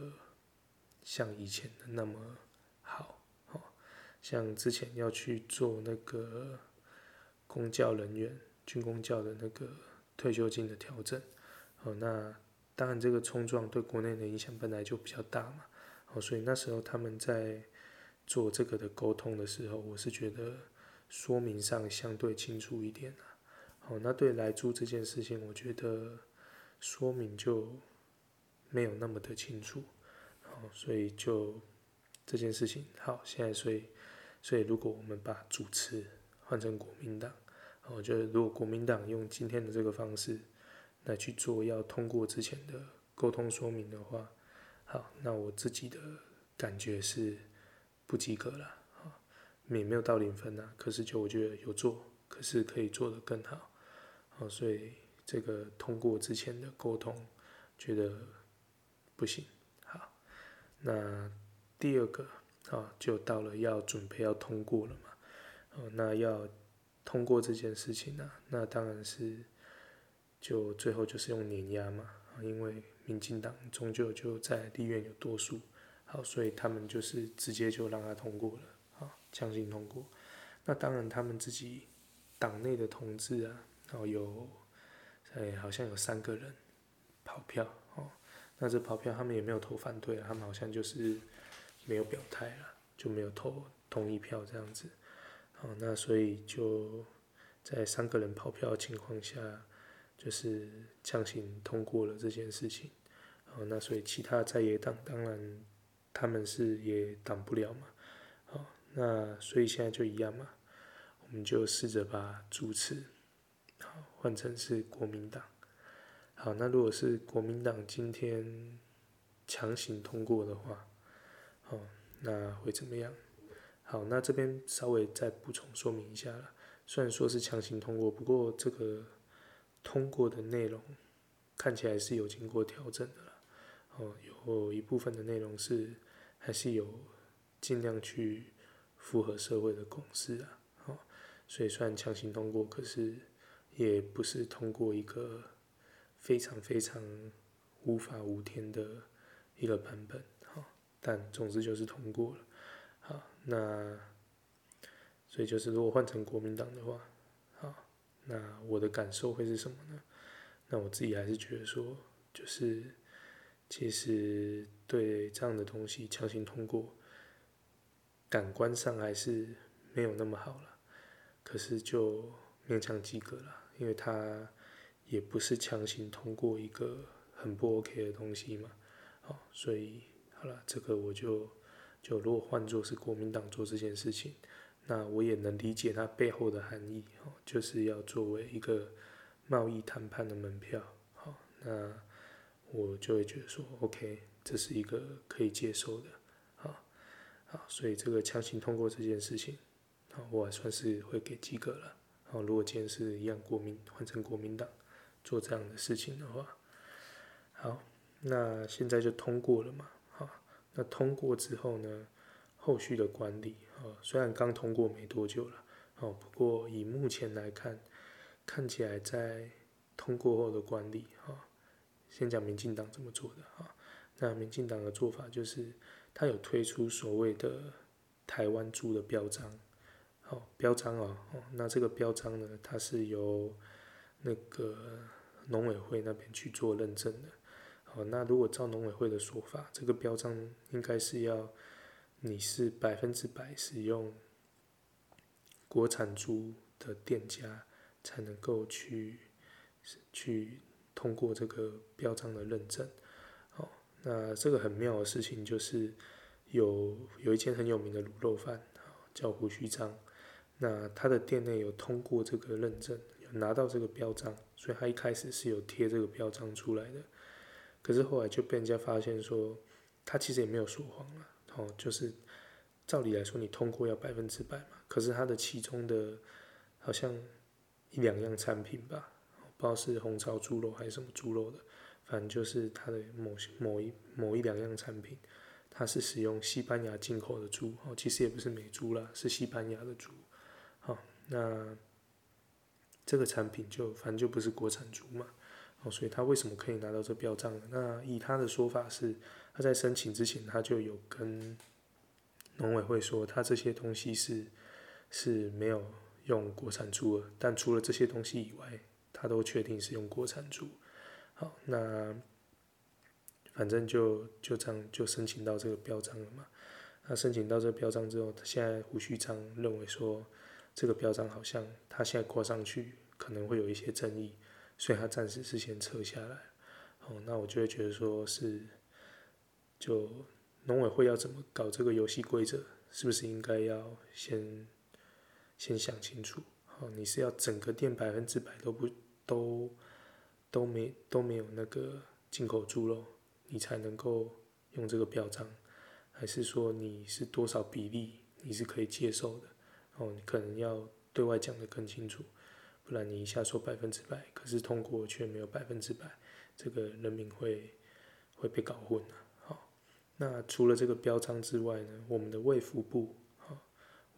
像以前的那麼好，哦，像之前要去做那個，公教人員軍公教的那個退休金的調整，哦，那當然這個衝撞對國內的影響本來就比較大嘛，哦，所以那時候他們在做這個的溝通的時候，我是覺得說明上相對清楚一點的，哦，那對萊豬這件事情，我覺得說明就沒有那麼的清楚。所以就這件事情，好，現在所以所以如果我們把主持換成國民黨，我覺得如果國民黨用今天的這個方式來去做要通過之前的溝通說明的話，好，那我自己的感覺是不及格啦，好，也沒有到零分啦，可是就我覺得有做，可是可以做得更好，好，所以這個通過之前的溝通覺得不行。那第二個啊，就到了要準備要通過了嘛，啊、那要通過這件事情呢、啊，那當然是就最後就是用碾壓嘛，啊，因為民進黨終究就在立院有多數，好、啊，所以他們就是直接就讓他通過了，啊，強行通過，那當然他們自己黨內的同志啊，然後有，啊，哎，好像有三個人跑票。那這跑票，他們也沒有投反對了，他們好像就是沒有表態了，就沒有投同意票這樣子。好，那所以就在三個人跑票的情況下，就是強行通過了這件事情。好，那所以其他在野黨當然他們是也擋不了嘛。好，那所以現在就一樣嘛，我們就試着把主持，好，換成是國民黨。好，那如果是國民黨今天強行通過的話，哦，那會怎麼樣？好，那這邊稍微再補充說明一下了。雖然說是強行通過，不過這個通過的內容看起來是有經過調整的啦，哦，有一部分的內容是還是有盡量去符合社會的共識啊，哦，所以算強行通過，可是也不是通過一個。非常非常無法無天的一個版本，但總之就是通過了，那所以就是如果換成國民黨的話，那我的感受會是什麼呢？那我自己還是覺得說，就是其實對這樣的東西強行通過，感官上還是沒有那麼好了，可是就勉強及格了，因為他。也不是強行通過一個很不 OK 的東西嘛，哦，所以好了，這個我就就如果換作是國民黨做這件事情，那我也能理解它背後的含義，哦，就是要作為一個貿易談判的門票，好，那我就會覺得說 OK，這是一個可以接受的，啊。好，所以這個強行通過這件事情，那我還算是會給及格了，好，如果今天是一樣，國民換成國民黨。做這樣的事情的話，好，那現在就通過了嘛，哦，那通過之後呢？後續的管理，哦，雖然剛通過沒多久了，哦，不過以目前來看，看起來在通過後的管理哦。先講民進黨怎麼做的啊，哦，那民進黨的做法就是，他有推出所謂的台灣豬的標章，哦，標章啊，哦，哦，那這個標章呢，它是由那個。農委會那邊去做認證的，好，那如果照農委會的說法，這個標章應該是要你是百分之百使用國產豬的店家才能夠去去通過這個標章的認證。好，那這個很妙的事情就是有有一間很有名的滷肉飯，叫胡鬚章，那他的店內有通過這個認證。拿到這個標章，所以他一開始是有貼這個標章出來的，可是後來就被人家發現說，他其實也沒有說謊了。哦，就是照理來說，你通過要百分之百嘛，可是他的其中的，好像一兩樣產品吧，不知道是紅燒豬肉還是什麼豬肉的，反正就是他的某些某一某一兩樣產品，它是使用西班牙進口的豬，哦，其實也不是美豬啦，是西班牙的豬，好，哦，那。這個產品就反正就不是國產豬嘛，哦，所以他為什麼可以拿到這標章呢？那以他的說法是，他在申請之前他就有跟農委會說，他這些東西是是沒有用國產豬的，但除了這些東西以外，他都確定是用國產豬。好，那反正就就這樣就申請到這個標章了嘛。那申請到這個標章之後，他現在鬍鬚張認為說。這個標章好像他現在掛上去可能會有一些爭議，所以他暫時是先撤下來。哦，那我就會覺得說是，就農委會要怎麼搞這個遊戲規則，是不是應該要先先想清楚？哦，你是要整個店百分之百都不都都沒都沒有那個進口豬肉，你才能夠用這個標章，還是說你是多少比例你是可以接受的？哦，你可能要對外講得更清楚，不然你一下說百分之百，可是通過卻沒有百分之百，這個人民會會被搞混啊，哦，那除了這個標章之外呢，我們的衛福部，哦，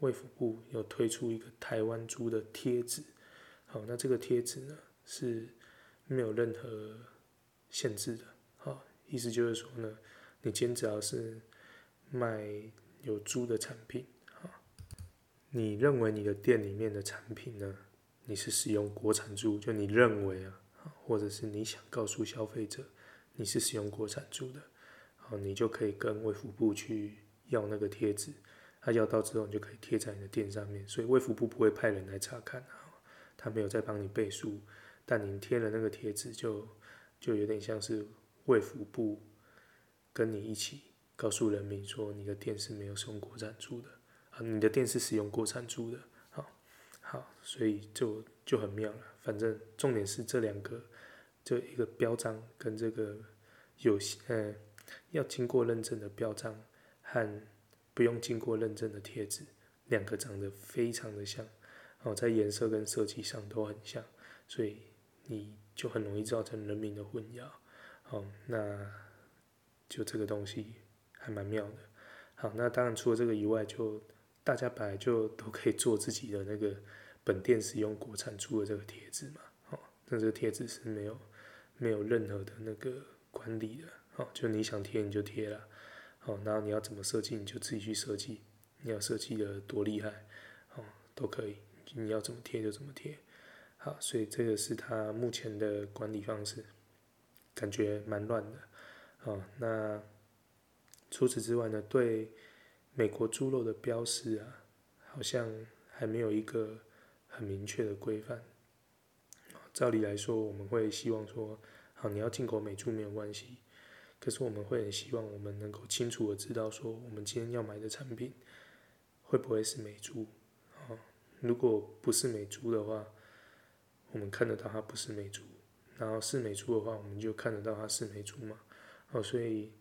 衛福部有推出一個台灣豬的貼紙，好，哦，那這個貼紙呢是沒有任何限制的，哦，意思就是說呢，你今天只要是賣有豬的產品。你認為你的店裡面的產品呢，你是使用國產豬，就你認為啊，或者是你想告訴消費者你是使用國產豬的，好，你就可以跟衛福部去要那個貼紙，他要到之後，你就可以貼在你的店上面。所以衛福部不會派人來查看啊，他沒有在幫你背書，但你貼了那個貼紙，就就有點像是衛福部跟你一起告訴人民說你的店是沒有使用國產豬的。你的店是使用過萊豬的，好好，所以就就很妙了。反正重點是這兩個，這一個標章跟這個有呃要經過認證的標章和不用經過認證的貼紙，兩個長得非常的像，哦，在顏色跟設計上都很像，所以你就很容易造成人民的混淆。哦，那就這個東西還蠻妙的。好，那當然除了這個以外就。大家本來就都可以做自己的那個本店使用國產出的這個貼紙嘛，哦，那這個貼紙是沒有沒有任何的那個管理的，哦，就你想貼你就貼了，哦，然後你要怎麼設計你就自己去設計，你要設計的多厲害，哦，都可以，你要怎麼貼就怎麼貼，好，所以這個是他目前的管理方式，感覺蠻亂的，哦，那除此之外呢，對。美國豬肉的標識啊，好像還沒有一個很明確的規範。照理來說，我們會希望說，好，你要進口美豬沒有關係。可是我們會很希望我們能夠清楚的知道說，說我們今天要買的產品會不會是美豬。啊，如果不是美豬的話，我們看得到它不是美豬；然後是美豬的話，我們就看得到它是美豬嘛。哦，所以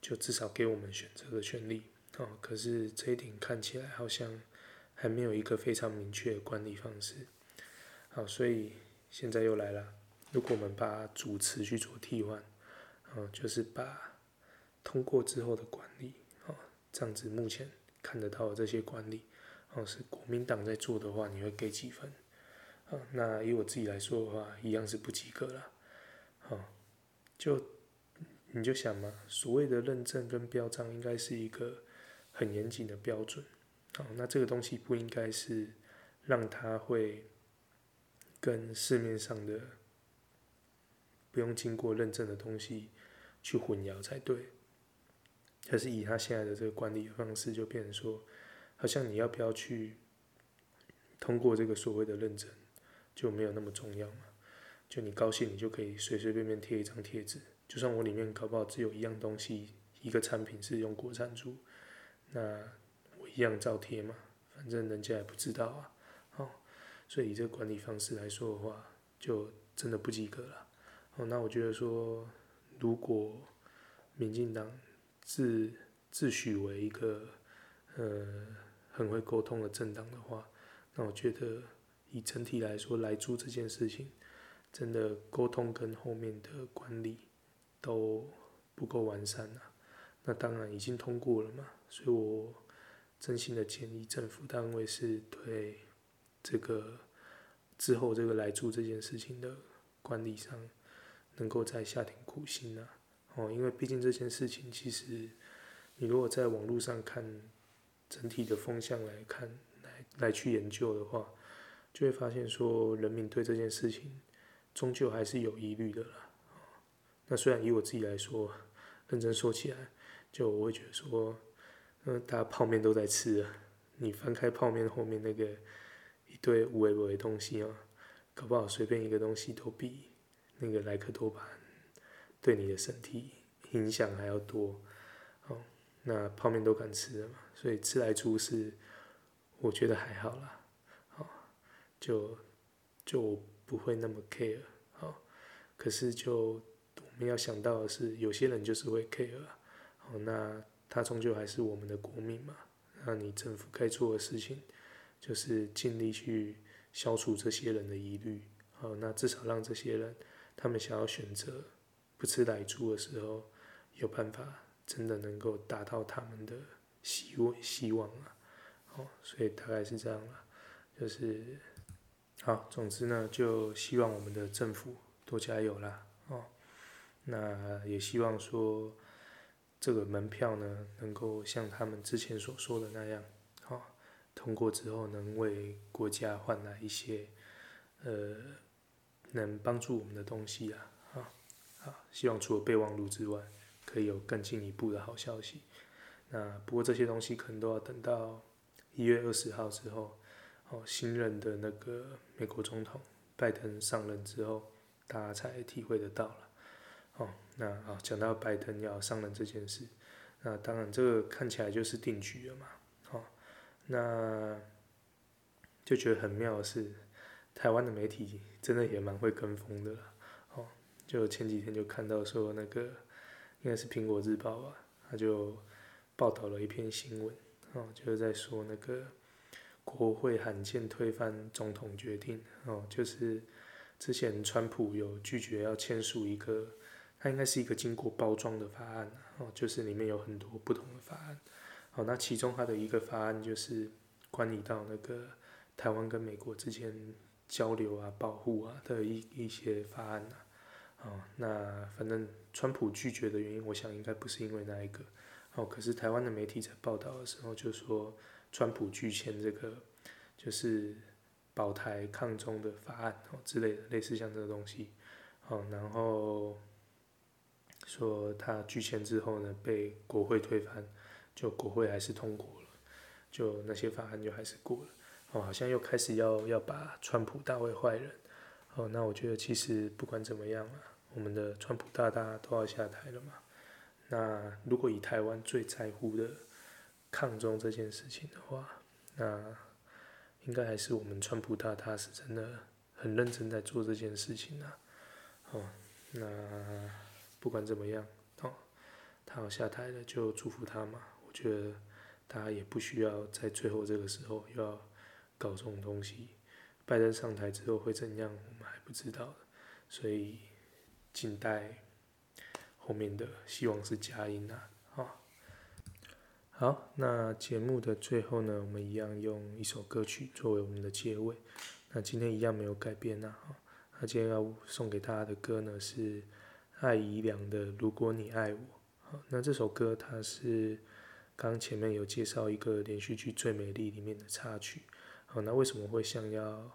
就至少給我們選擇的權利。哦，可是這一點看起來好像還沒有一個非常明確的管理方式。好，所以現在又來了。如果我們把主詞去做替換，嗯、哦，就是把通過之後的管理，哦，這樣子目前看得到的這些管理，哦，是國民黨在做的話，你會給幾分？啊、哦，那以我自己來說的話，一樣是不及格了。哦，就你就想嘛，所謂的認證跟標章應該是一個。很嚴謹的標準，好，那這個東西不應該是讓他會跟市面上的不用經過認證的東西去混淆才對，可是以他現在的這個管理方式，就變成說，好像你要不要去通過這個所謂的認證就沒有那麼重要嘛？就你高興，你就可以隨隨便便貼一張貼紙，就算我裡面搞不好只有一樣東西，一個產品是用國產豬。那我一樣照貼嘛，反正人家也不知道啊。哦，所以以這個管理方式來說的話，就真的不及格了。哦，那我覺得說，如果民進黨自自詡為一個呃很會溝通的政黨的話，那我覺得以整體來說來做這件事情，真的溝通跟後面的管理都不夠完善啊。那當然已經通過了嘛。所以我真心的建議政府單位是對這個之後這個來做這件事情的管理上，能夠在下點苦心了。啊、哦，因為畢竟這件事情其實你如果在網絡上看整體的風向來看來來去研究的話，就會發現說人民對這件事情終究還是有疑慮的啦。哦。那雖然以我自己來說，認真說起來，就我會覺得說。嗯，大家泡麵都在吃啊，你翻開泡麵後面那個一堆五味的東西啊，搞不好隨便一個東西都比那個萊克多巴對你的身體影響還要多。哦，那泡麵都敢吃了嘛，所以吃萊豬，我覺得還好啦。哦，就就不會那麼 care。哦，可是就我們要想到的是，有些人就是會 care。哦，那。他終究還是我們的國民嘛，那你政府該做的事情就是盡力去消除這些人的疑慮，好，那至少讓這些人他們想要選擇不吃萊豬的時候有辦法，真的能夠達到他們的希望希望了，好，所以大概是這樣了，就是好，總之呢，就希望我們的政府多加油啦，哦，那也希望說。這個門票呢，能夠像他們之前所說的那樣，啊、哦，通過之後能為國家換來一些，呃，能幫助我們的東西啊，啊，啊，希望除了備忘錄之外，可以有更進一步的好消息。那不過這些東西可能都要等到一月二十號之後，哦，新任的那個美國總統拜登上任之後，大家才體會得到了。哦、那啊，講到拜登要上任這件事，那當然這個看起來就是定局了嘛。好、哦，那就覺得很妙的是，台灣的媒體真的也蠻會跟風的啦。哦，就前幾天就看到說那個應該是《蘋果日報》啊，他就報道了一篇新聞，哦，就是在說那個國會罕見推翻總統決定，哦，就是之前川普有拒絕要簽署一個。它應該是一個經過包裝的法案哦、啊，就是裡面有很多不同的法案。好，那其中它的一個法案就是管理到那個台灣跟美國之間交流啊、保護啊的一一些法案啊。那反正川普拒絕的原因，我想應該不是因為那一個。哦，可是台灣的媒體在報道的時候就說，川普拒簽這個就是保台抗中的法案哦之類的，類似像這個東西。然後。說他拒簽之後呢，被國會推翻，就國會還是通過了，就那些法案就還是過了。哦，好像又開始要要把川普大為壞人。哦，那我覺得其實不管怎麼樣，我們的川普大大都要下台了嘛。那如果以台灣最在乎的抗中這件事情的話，那應該還是我們川普大大是真的很認真在做這件事情啊。哦，那。不管怎麼樣，哦，他要下台了，就祝福他嘛。我覺得他也不需要在最後這個時候又要搞這種東西。拜登上台之後會怎樣，我們還不知道，所以靜待後面的希望是佳音啊。好、哦，好，那節目的最後呢，我們一樣用一首歌曲作為我們的結尾。那今天一樣沒有改變吶、啊哦。那今天要送給大家的歌呢是。艾怡良的《如果你愛我》，那這首歌它是剛前面有介紹一個連續劇《罪美麗》裡面的插曲，好，那為什麼會想要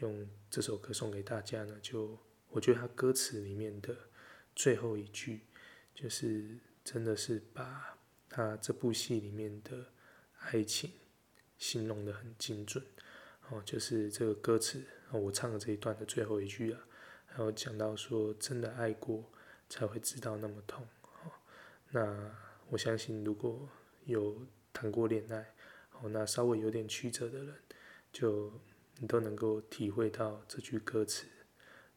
用這首歌送給大家呢？就我覺得它歌詞裡面的最後一句，就是真的是把它這部戲裡面的愛情形容的很精準，哦，就是這個歌詞，我唱的這一段的最後一句啊。然後講到說，真的愛過才會知道那麼痛。哦，那我相信如果有談過戀愛，哦，那稍微有點曲折的人，就你都能夠體會到這句歌詞，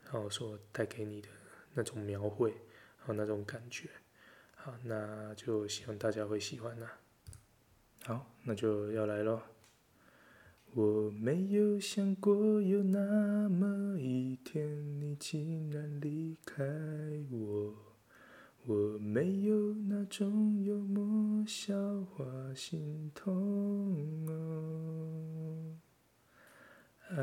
然後所帶給你的那種描繪，還有那種感覺。好，那就希望大家會喜歡啦，啊。好，那就要來咯。我沒有想過有那麼一天，你竟然離開我。我沒有那種幽默消化，心痛哦。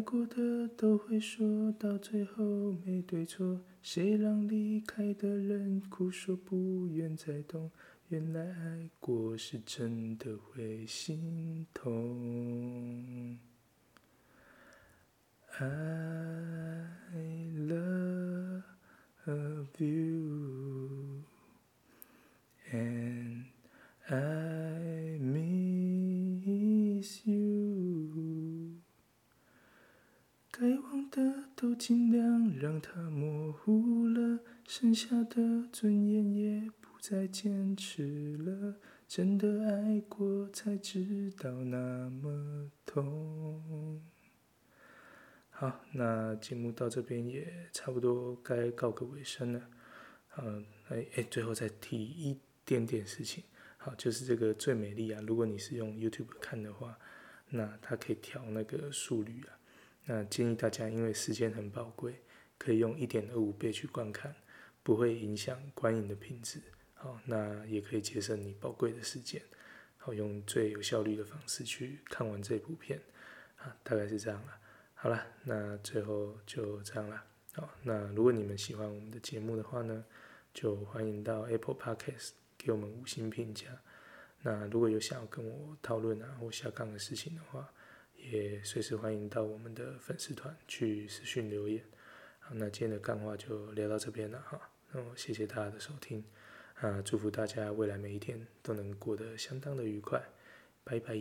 愛過的都會說，到最後沒對錯。誰讓離開的人哭，說不願再懂？原來愛過是真的會心痛。I love you and I miss you. 該忘的都盡量讓它模糊了，剩下的尊嚴也不再堅持了。真的愛過才知道那麼痛。好，那節目到這邊也差不多該告個尾聲了。嗯，哎、欸、哎、欸，最後再提一點點事情。好，就是這個罪美麗啊。如果你是用 YouTube 看的話，那它可以調那個速率啊。那建議大家，因為時間很寶貴，可以用一點二五倍去觀看，不會影響觀影的品質。好，那也可以節省你寶貴的時間，好，用最有效率的方式去看完這部片。啊，大概是這樣了。好了，那最後就這樣了。好，那如果你們喜歡我們的節目的話呢，就歡迎到 Apple Podcast 給我們五星評價。那如果有想要跟我討論啊或下崗的事情的話，也隨時歡迎到我們的粉絲團去私訊留言。好，那今天的幹話就聊到這邊了哈。那我謝謝大家的收聽，啊，祝福大家未來每一天都能過得相當的愉快，拜拜。